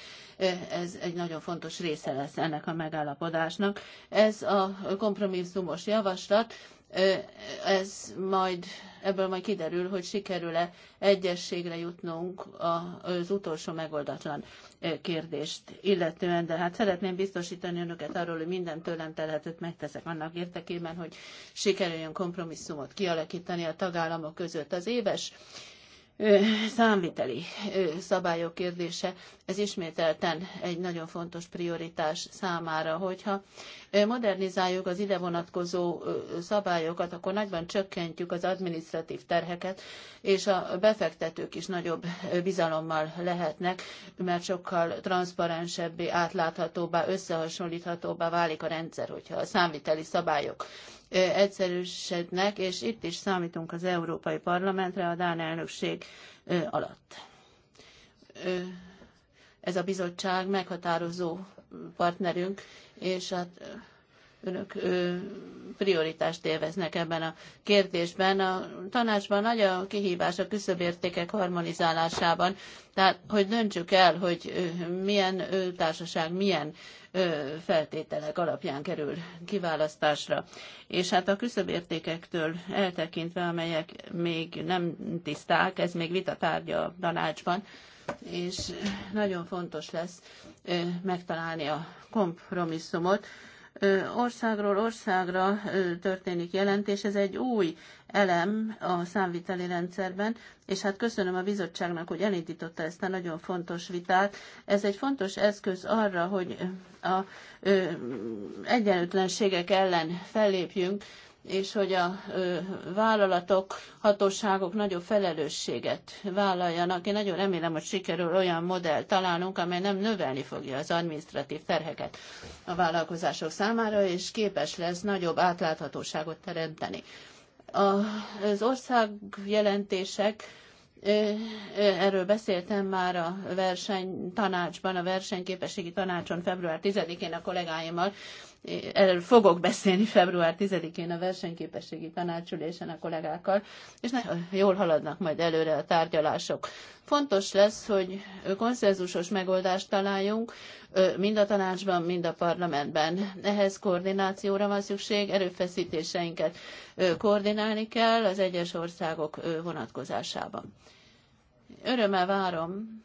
Ez egy nagyon fontos része lesz ennek a megállapodásnak. Ez a kompromisszumos javaslat ez majd, ebből majd kiderül, hogy sikerül-e egyességre jutnunk az utolsó megoldatlan kérdést illetően, de hát szeretném biztosítani önöket arról, hogy minden tőlem telhetőt megteszek annak értekében, hogy sikerüljön kompromisszumot kialakítani a tagállamok között. Az éves számviteli szabályok kérdése, ez ismételten egy nagyon fontos prioritás számára, hogyha modernizáljuk az ide vonatkozó szabályokat, akkor nagyban csökkentjük az administratív terheket, és a befektetők is nagyobb bizalommal lehetnek, mert sokkal transzparensebbé, átláthatóbbá, összehasonlíthatóbbá válik a rendszer, hogyha a számviteli szabályok egyszerűsödnek, és itt is számítunk az Európai Parlamentre a Dán elnökség alatt. Ez a bizottság meghatározó partnerünk, és hát önök prioritást élveznek ebben a kérdésben. A tanácsban nagy a kihívás a küszöbértékek harmonizálásában, tehát hogy döntsük el, hogy milyen társaság milyen feltételek alapján kerül kiválasztásra. És hát a küszöbértékektől eltekintve, amelyek még nem tiszták, ez még vita tárgya a tanácsban, és nagyon fontos lesz megtalálni a kompromisszumot, országról országra történik jelentés, ez egy új elem a számviteli rendszerben, és hát köszönöm a bizottságnak, hogy elindította ezt a nagyon fontos vitát. Ez egy fontos eszköz arra, hogy a egyenlőtlenségek ellen fellépjünk, és hogy a vállalatok, hatóságok nagyobb felelősséget vállaljanak. Én nagyon remélem, hogy sikerül olyan modell találnunk, amely nem növelni fogja az administratív terheket a vállalkozások számára, és képes lesz nagyobb átláthatóságot teremteni. Az országjelentések Erről beszéltem már a versenytanácsban, a versenyképességi tanácson február 10-én a kollégáimmal, erről fogok beszélni február 10-én a versenyképességi tanácsülésen a kollégákkal, és nagyon jól haladnak majd előre a tárgyalások. Fontos lesz, hogy konszenzusos megoldást találjunk mind a tanácsban, mind a parlamentben. Ehhez koordinációra van szükség, erőfeszítéseinket koordinálni kell az egyes országok vonatkozásában. Örömmel várom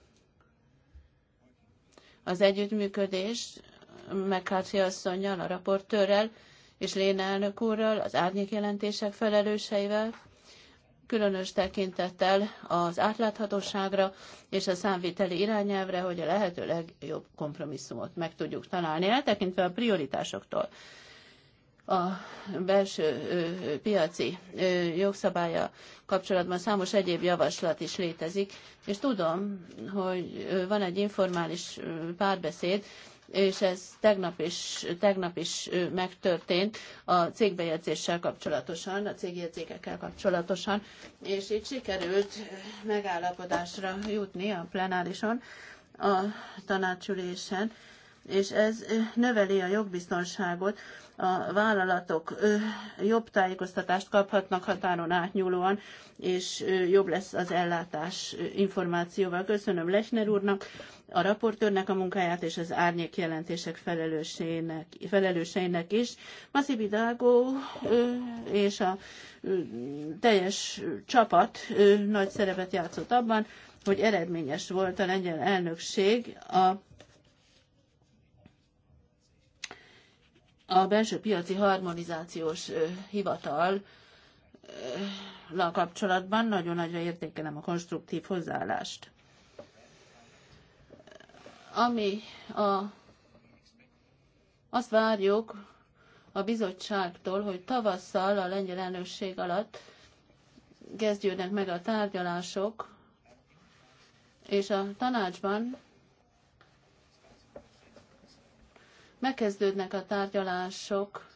az együttműködést McCarthy asszonynal, a raportőrrel és Léna elnök úrral, az árnyékjelentések felelőseivel, különös tekintettel az átláthatóságra és a számviteli irányelvre, hogy a lehető legjobb kompromisszumot meg tudjuk találni, eltekintve a prioritásoktól a belső piaci jogszabálya kapcsolatban számos egyéb javaslat is létezik, és tudom, hogy van egy informális párbeszéd és ez tegnap is, tegnap is megtörtént a cégbejegyzéssel kapcsolatosan, a cégjegyzékekkel kapcsolatosan, és itt sikerült megállapodásra jutni a plenárison, a tanácsülésen, és ez növeli a jogbiztonságot a vállalatok jobb tájékoztatást kaphatnak határon átnyúlóan, és jobb lesz az ellátás információval. Köszönöm Lesner úrnak, a raportőrnek a munkáját és az árnyék jelentések felelőseinek, felelőseinek is. Maszi Bidágó és a teljes csapat nagy szerepet játszott abban, hogy eredményes volt a lengyel elnökség a a belső piaci harmonizációs hivatal la kapcsolatban nagyon nagyra értékelem a konstruktív hozzáállást. Ami a, azt várjuk a bizottságtól, hogy tavasszal a lengyel elnökség alatt kezdődnek meg a tárgyalások, és a tanácsban megkezdődnek a tárgyalások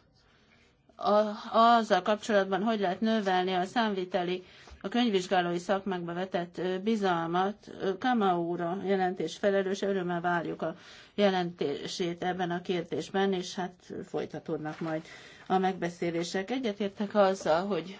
a, azzal kapcsolatban, hogy lehet növelni a számviteli, a könyvvizsgálói szakmákba vetett bizalmat. Kama úra jelentés felelős, örömmel várjuk a jelentését ebben a kérdésben, és hát folytatódnak majd a megbeszélések. Egyetértek azzal, hogy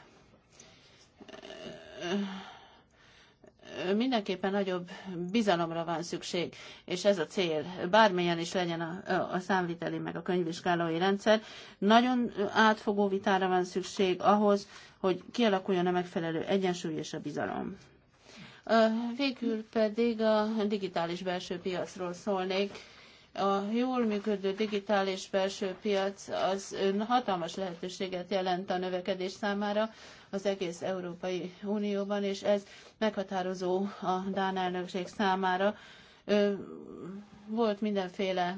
mindenképpen nagyobb bizalomra van szükség, és ez a cél, bármilyen is legyen a, a számviteli meg a könyvvizsgálói rendszer, nagyon átfogó vitára van szükség ahhoz, hogy kialakuljon a megfelelő egyensúly és a bizalom. Végül pedig a digitális belső piacról szólnék a jól működő digitális belső piac az hatalmas lehetőséget jelent a növekedés számára az egész Európai Unióban, és ez meghatározó a Dán elnökség számára. Volt mindenféle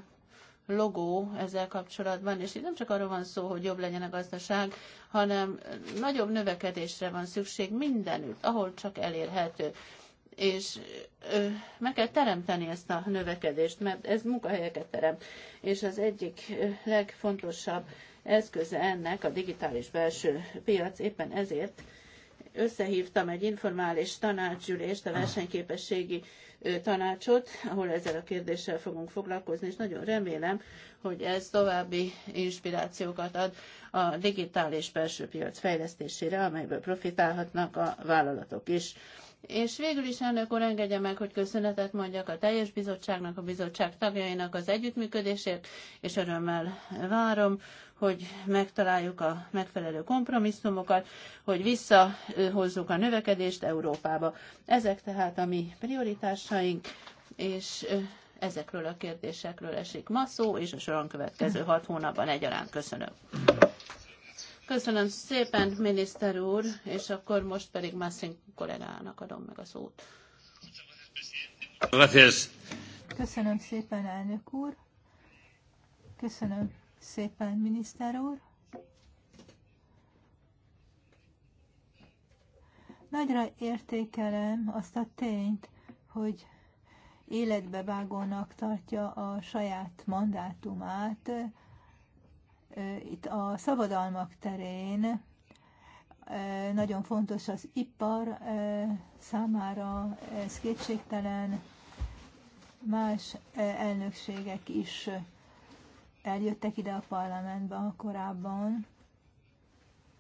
logó ezzel kapcsolatban, és itt nem csak arról van szó, hogy jobb legyen a gazdaság, hanem nagyobb növekedésre van szükség mindenütt, ahol csak elérhető és meg kell teremteni ezt a növekedést, mert ez munkahelyeket terem, és az egyik legfontosabb eszköze ennek a digitális belső piac, éppen ezért összehívtam egy informális tanácsülést, a versenyképességi tanácsot, ahol ezzel a kérdéssel fogunk foglalkozni, és nagyon remélem, hogy ez további inspirációkat ad a digitális belső piac fejlesztésére, amelyből profitálhatnak a vállalatok is. És végül is, elnök úr, engedje meg, hogy köszönetet mondjak a teljes bizottságnak, a bizottság tagjainak az együttműködésért, és örömmel várom, hogy megtaláljuk a megfelelő kompromisszumokat, hogy visszahozzuk a növekedést Európába. Ezek tehát a mi prioritásaink, és ezekről a kérdésekről esik ma szó, és a soron következő hat hónapban egyaránt köszönöm. Köszönöm szépen, miniszter úr, és akkor most pedig Massin kollégának adom meg a szót. Köszönöm szépen, elnök úr. Köszönöm szépen, miniszter úr. Nagyra értékelem azt a tényt, hogy életbevágónak tartja a saját mandátumát, itt a szabadalmak terén nagyon fontos az ipar számára, ez kétségtelen, más elnökségek is eljöttek ide a parlamentbe korábban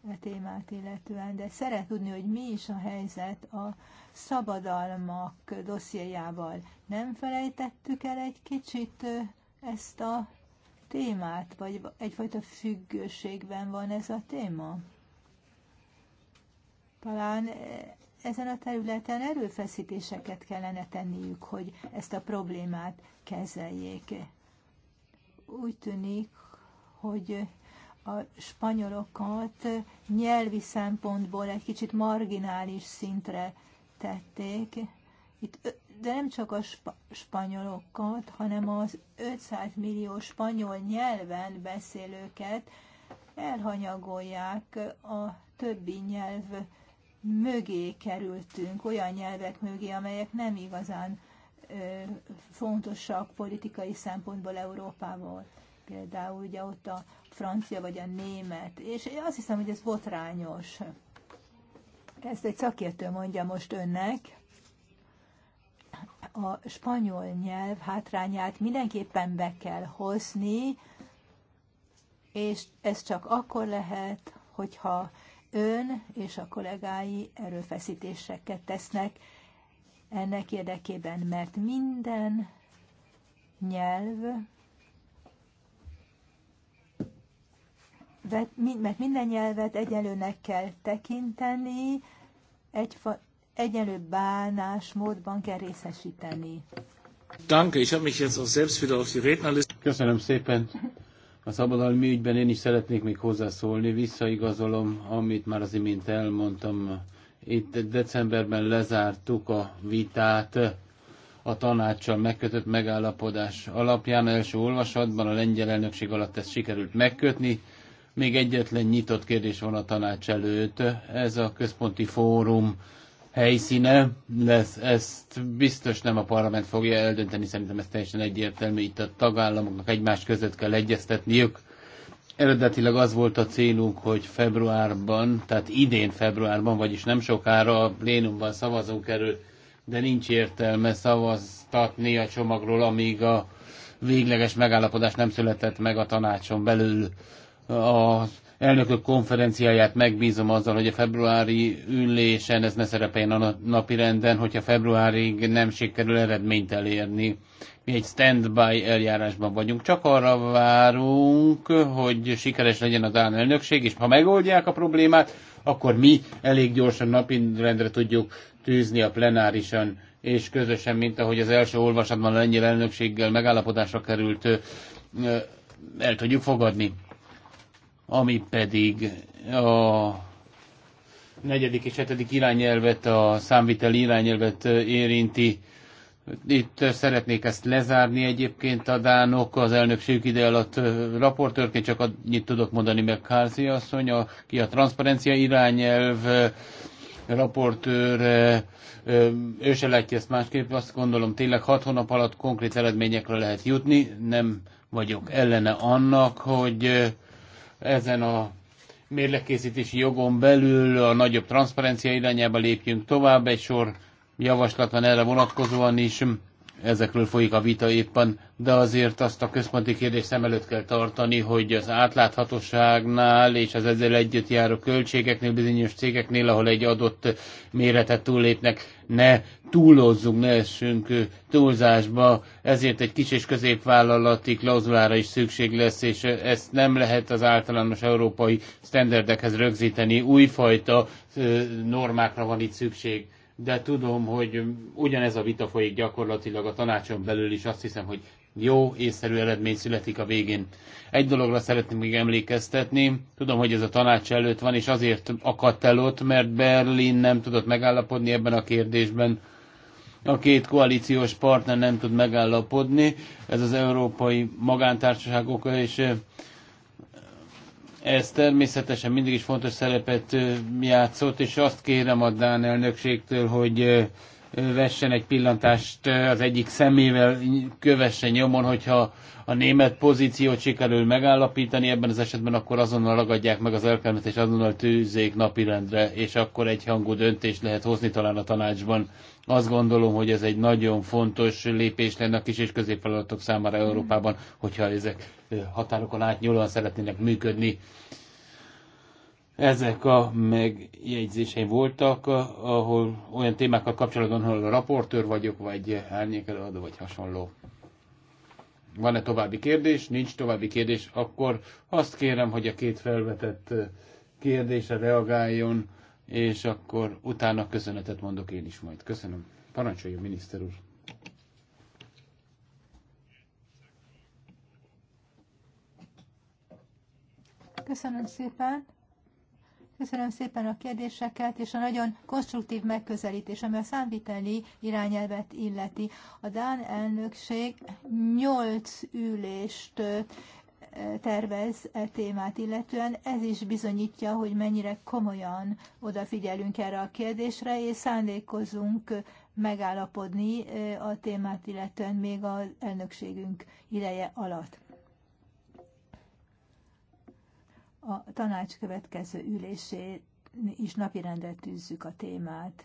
a témát illetően, de szeret tudni, hogy mi is a helyzet a szabadalmak dossziéjával. Nem felejtettük el egy kicsit ezt a témát, vagy egyfajta függőségben van ez a téma? Talán e, ezen a területen erőfeszítéseket kellene tenniük, hogy ezt a problémát kezeljék. Úgy tűnik, hogy a spanyolokat nyelvi szempontból egy kicsit marginális szintre tették, itt, de nem csak a spa, spanyolokat, hanem az 500 millió spanyol nyelven beszélőket elhanyagolják a többi nyelv mögé kerültünk, olyan nyelvek mögé, amelyek nem igazán ö, fontosak politikai szempontból Európával. Például ugye ott a francia vagy a német, és én azt hiszem, hogy ez botrányos. Ezt egy szakértő mondja most önnek a spanyol nyelv hátrányát mindenképpen be kell hozni, és ez csak akkor lehet, hogyha ön és a kollégái erőfeszítéseket tesznek ennek érdekében, mert minden nyelv, mert minden nyelvet egyelőnek kell tekinteni, egy, egyenlő bánásmódban kell részesíteni. Danke, ich habe mich jetzt auch selbst wieder auf die Rednerliste. Köszönöm szépen. A szabadalmi ügyben én is szeretnék még hozzászólni, visszaigazolom, amit már az imént elmondtam. Itt decemberben lezártuk a vitát a tanácssal megkötött megállapodás alapján. Első olvasatban a lengyel elnökség alatt ezt sikerült megkötni. Még egyetlen nyitott kérdés van a tanács előtt. Ez a központi fórum helyszíne lesz. Ezt biztos nem a parlament fogja eldönteni, szerintem ez teljesen egyértelmű, itt a tagállamoknak egymás között kell egyeztetniük. Eredetileg az volt a célunk, hogy februárban, tehát idén februárban, vagyis nem sokára a plénumban szavazunk kerül, de nincs értelme szavaztatni a csomagról, amíg a végleges megállapodás nem született meg a tanácson belül. A elnökök konferenciáját megbízom azzal, hogy a februári ülésen ez ne szerepeljen a napi renden, hogyha februárig nem sikerül eredményt elérni. Mi egy standby eljárásban vagyunk. Csak arra várunk, hogy sikeres legyen az elnökség, és ha megoldják a problémát, akkor mi elég gyorsan napirendre tudjuk tűzni a plenárisan, és közösen, mint ahogy az első olvasatban a lengyel elnökséggel megállapodásra került, el tudjuk fogadni ami pedig a negyedik és hetedik irányelvet, a számviteli irányelvet érinti. Itt szeretnék ezt lezárni egyébként a Dánok, az elnökség ide alatt raportőrként csak annyit tudok mondani meg Kárzi asszony, aki a transzparencia irányelv raportőr, ő se látja ezt másképp, azt gondolom tényleg hat hónap alatt konkrét eredményekre lehet jutni, nem vagyok ellene annak, hogy ezen a mérlekészítési jogon belül a nagyobb transzparencia irányába lépjünk tovább, egy sor javaslat van erre vonatkozóan is ezekről folyik a vita éppen, de azért azt a központi kérdést szem előtt kell tartani, hogy az átláthatóságnál és az ezzel együtt járó költségeknél, bizonyos cégeknél, ahol egy adott méretet túllépnek, ne túlozzunk, ne essünk túlzásba, ezért egy kis és középvállalati klauzulára is szükség lesz, és ezt nem lehet az általános európai sztenderdekhez rögzíteni, újfajta normákra van itt szükség de tudom, hogy ugyanez a vita folyik gyakorlatilag a tanácson belül is, azt hiszem, hogy jó, észszerű eredmény születik a végén. Egy dologra szeretném még emlékeztetni, tudom, hogy ez a tanács előtt van, és azért akadt el ott, mert Berlin nem tudott megállapodni ebben a kérdésben, a két koalíciós partner nem tud megállapodni, ez az európai magántársaságok és ez természetesen mindig is fontos szerepet játszott, és azt kérem a Dán elnökségtől, hogy vessen egy pillantást az egyik szemével, kövessen nyomon, hogyha a német pozíciót sikerül megállapítani, ebben az esetben akkor azonnal ragadják meg az elkerület, és azonnal tűzzék napirendre, és akkor egy hangú döntést lehet hozni talán a tanácsban. Azt gondolom, hogy ez egy nagyon fontos lépés lenne a kis és középvállalatok számára hmm. Európában, hogyha ezek határokon átnyúlóan szeretnének működni. Ezek a megjegyzései voltak, ahol olyan témákkal kapcsolatban, ahol a raportőr vagyok, vagy árnyékelőadó, vagy hasonló. Van-e további kérdés? Nincs további kérdés. Akkor azt kérem, hogy a két felvetett kérdésre reagáljon és akkor utána köszönetet mondok én is majd. Köszönöm. Parancsoljon, miniszter úr! Köszönöm szépen! Köszönöm szépen a kérdéseket és a nagyon konstruktív megközelítés, ami a számviteli irányelvet illeti. A Dán elnökség nyolc ülést tervez e témát illetően. Ez is bizonyítja, hogy mennyire komolyan odafigyelünk erre a kérdésre, és szándékozunk megállapodni e, a témát illetően még az elnökségünk ideje alatt. A tanács következő ülésén is napirendre tűzzük a témát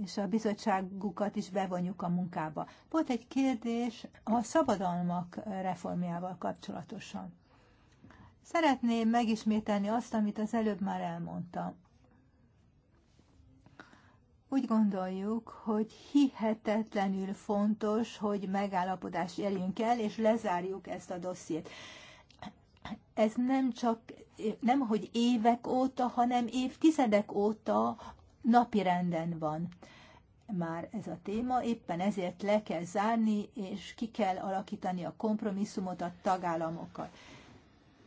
és a bizottságukat is bevonjuk a munkába. Volt egy kérdés a szabadalmak reformjával kapcsolatosan. Szeretném megismételni azt, amit az előbb már elmondtam. Úgy gondoljuk, hogy hihetetlenül fontos, hogy megállapodást érjünk el, és lezárjuk ezt a dossziét. Ez nem csak, nem hogy évek óta, hanem évtizedek óta napi renden van már ez a téma, éppen ezért le kell zárni, és ki kell alakítani a kompromisszumot a tagállamokkal.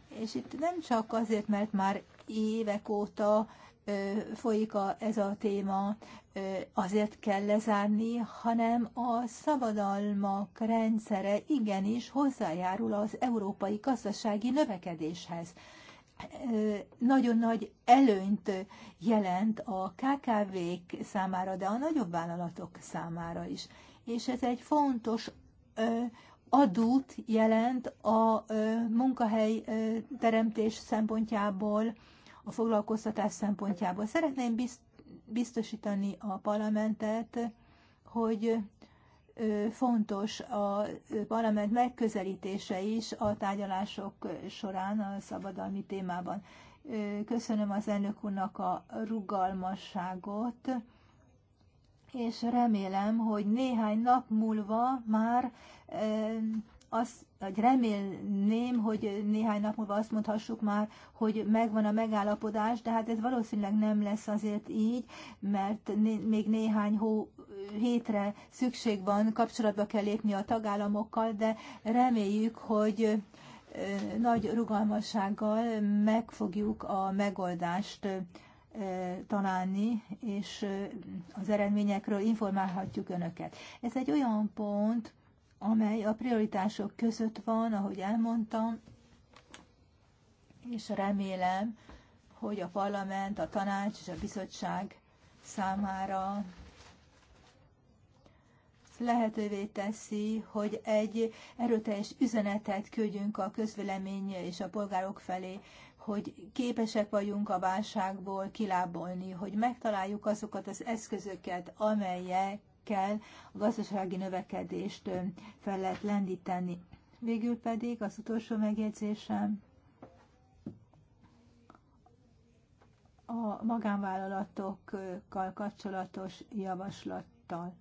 És itt nem csak azért, mert már évek óta ö, folyik a, ez a téma, ö, azért kell lezárni, hanem a szabadalmak rendszere igenis hozzájárul az európai gazdasági növekedéshez nagyon nagy előnyt jelent a KKV-k számára, de a nagyobb vállalatok számára is. És ez egy fontos adót jelent a munkahely teremtés szempontjából, a foglalkoztatás szempontjából. Szeretném biztosítani a parlamentet, hogy fontos a parlament megközelítése is a tárgyalások során a szabadalmi témában. Köszönöm az elnök úrnak a rugalmasságot, és remélem, hogy néhány nap múlva már azt, vagy remélném, hogy néhány nap múlva azt mondhassuk már, hogy megvan a megállapodás, de hát ez valószínűleg nem lesz azért így, mert né- még néhány hó, létre szükség van, kapcsolatba kell lépni a tagállamokkal, de reméljük, hogy nagy rugalmassággal meg fogjuk a megoldást találni, és az eredményekről informálhatjuk Önöket. Ez egy olyan pont, amely a prioritások között van, ahogy elmondtam, és remélem, hogy a parlament, a tanács és a bizottság számára lehetővé teszi, hogy egy erőteljes üzenetet küldjünk a közvélemény és a polgárok felé, hogy képesek vagyunk a válságból kilábolni, hogy megtaláljuk azokat az eszközöket, amelyekkel a gazdasági növekedést fel lehet lendíteni. Végül pedig az utolsó megjegyzésem. a magánvállalatokkal kapcsolatos javaslattal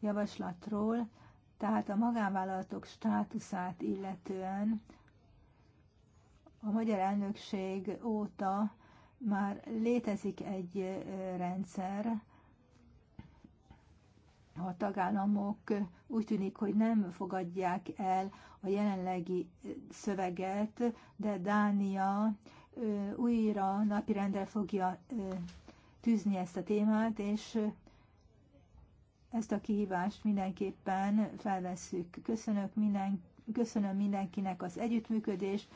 javaslatról, tehát a magánvállalatok státuszát illetően a magyar elnökség óta már létezik egy rendszer, a tagállamok úgy tűnik, hogy nem fogadják el a jelenlegi szöveget, de Dánia újra napirendre fogja tűzni ezt a témát, és ezt a kihívást mindenképpen felvesszük. Köszönök minden, köszönöm mindenkinek az együttműködést.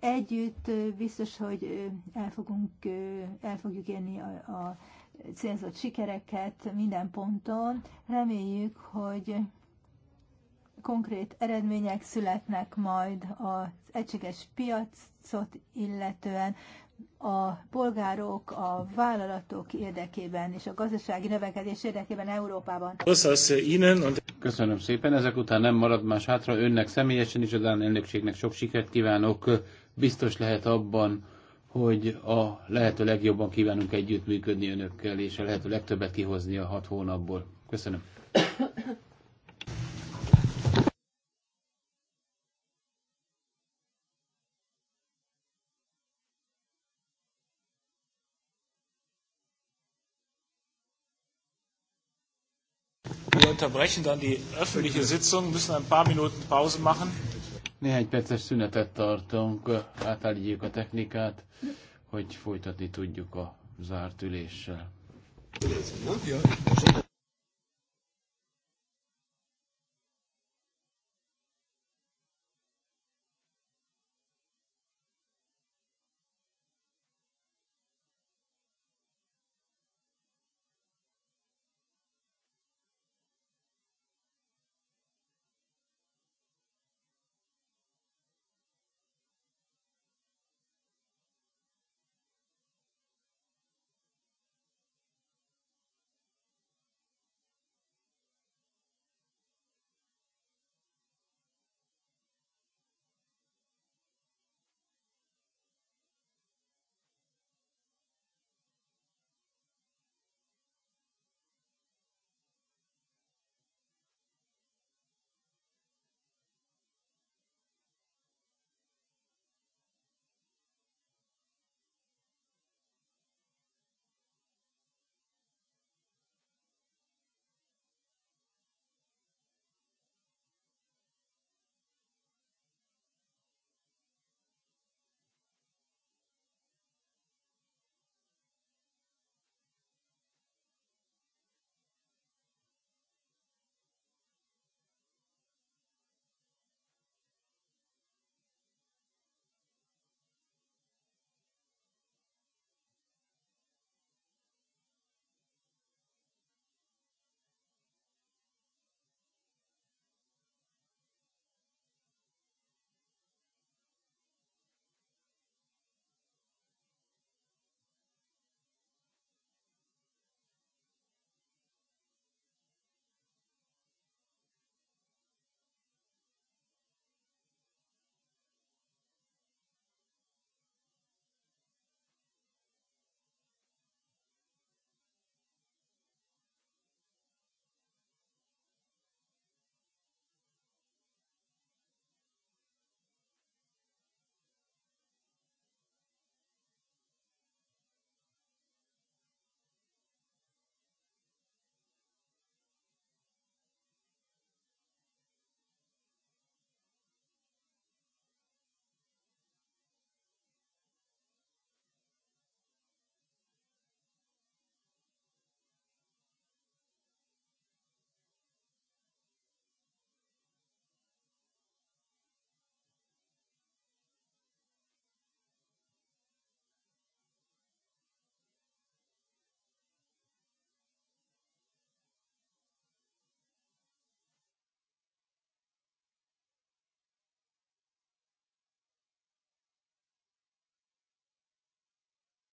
Együtt biztos, hogy el, fogunk, el fogjuk érni a, a célzott sikereket minden ponton. Reméljük, hogy konkrét eredmények születnek majd az egységes piacot illetően a polgárok, a vállalatok érdekében és a gazdasági növekedés érdekében Európában. Köszönöm szépen, ezek után nem marad más hátra. Önnek személyesen is a Dán elnökségnek sok sikert kívánok. Biztos lehet abban, hogy a lehető legjobban kívánunk együttműködni önökkel, és a lehető legtöbbet kihozni a hat hónapból. Köszönöm. unterbrechen dann die öffentliche Sitzung, müssen ein paar Minuten Pause machen. Néhány perces szünetet tartunk, átállítjuk a technikát, hogy folytatni tudjuk a zárt üléssel. Ja.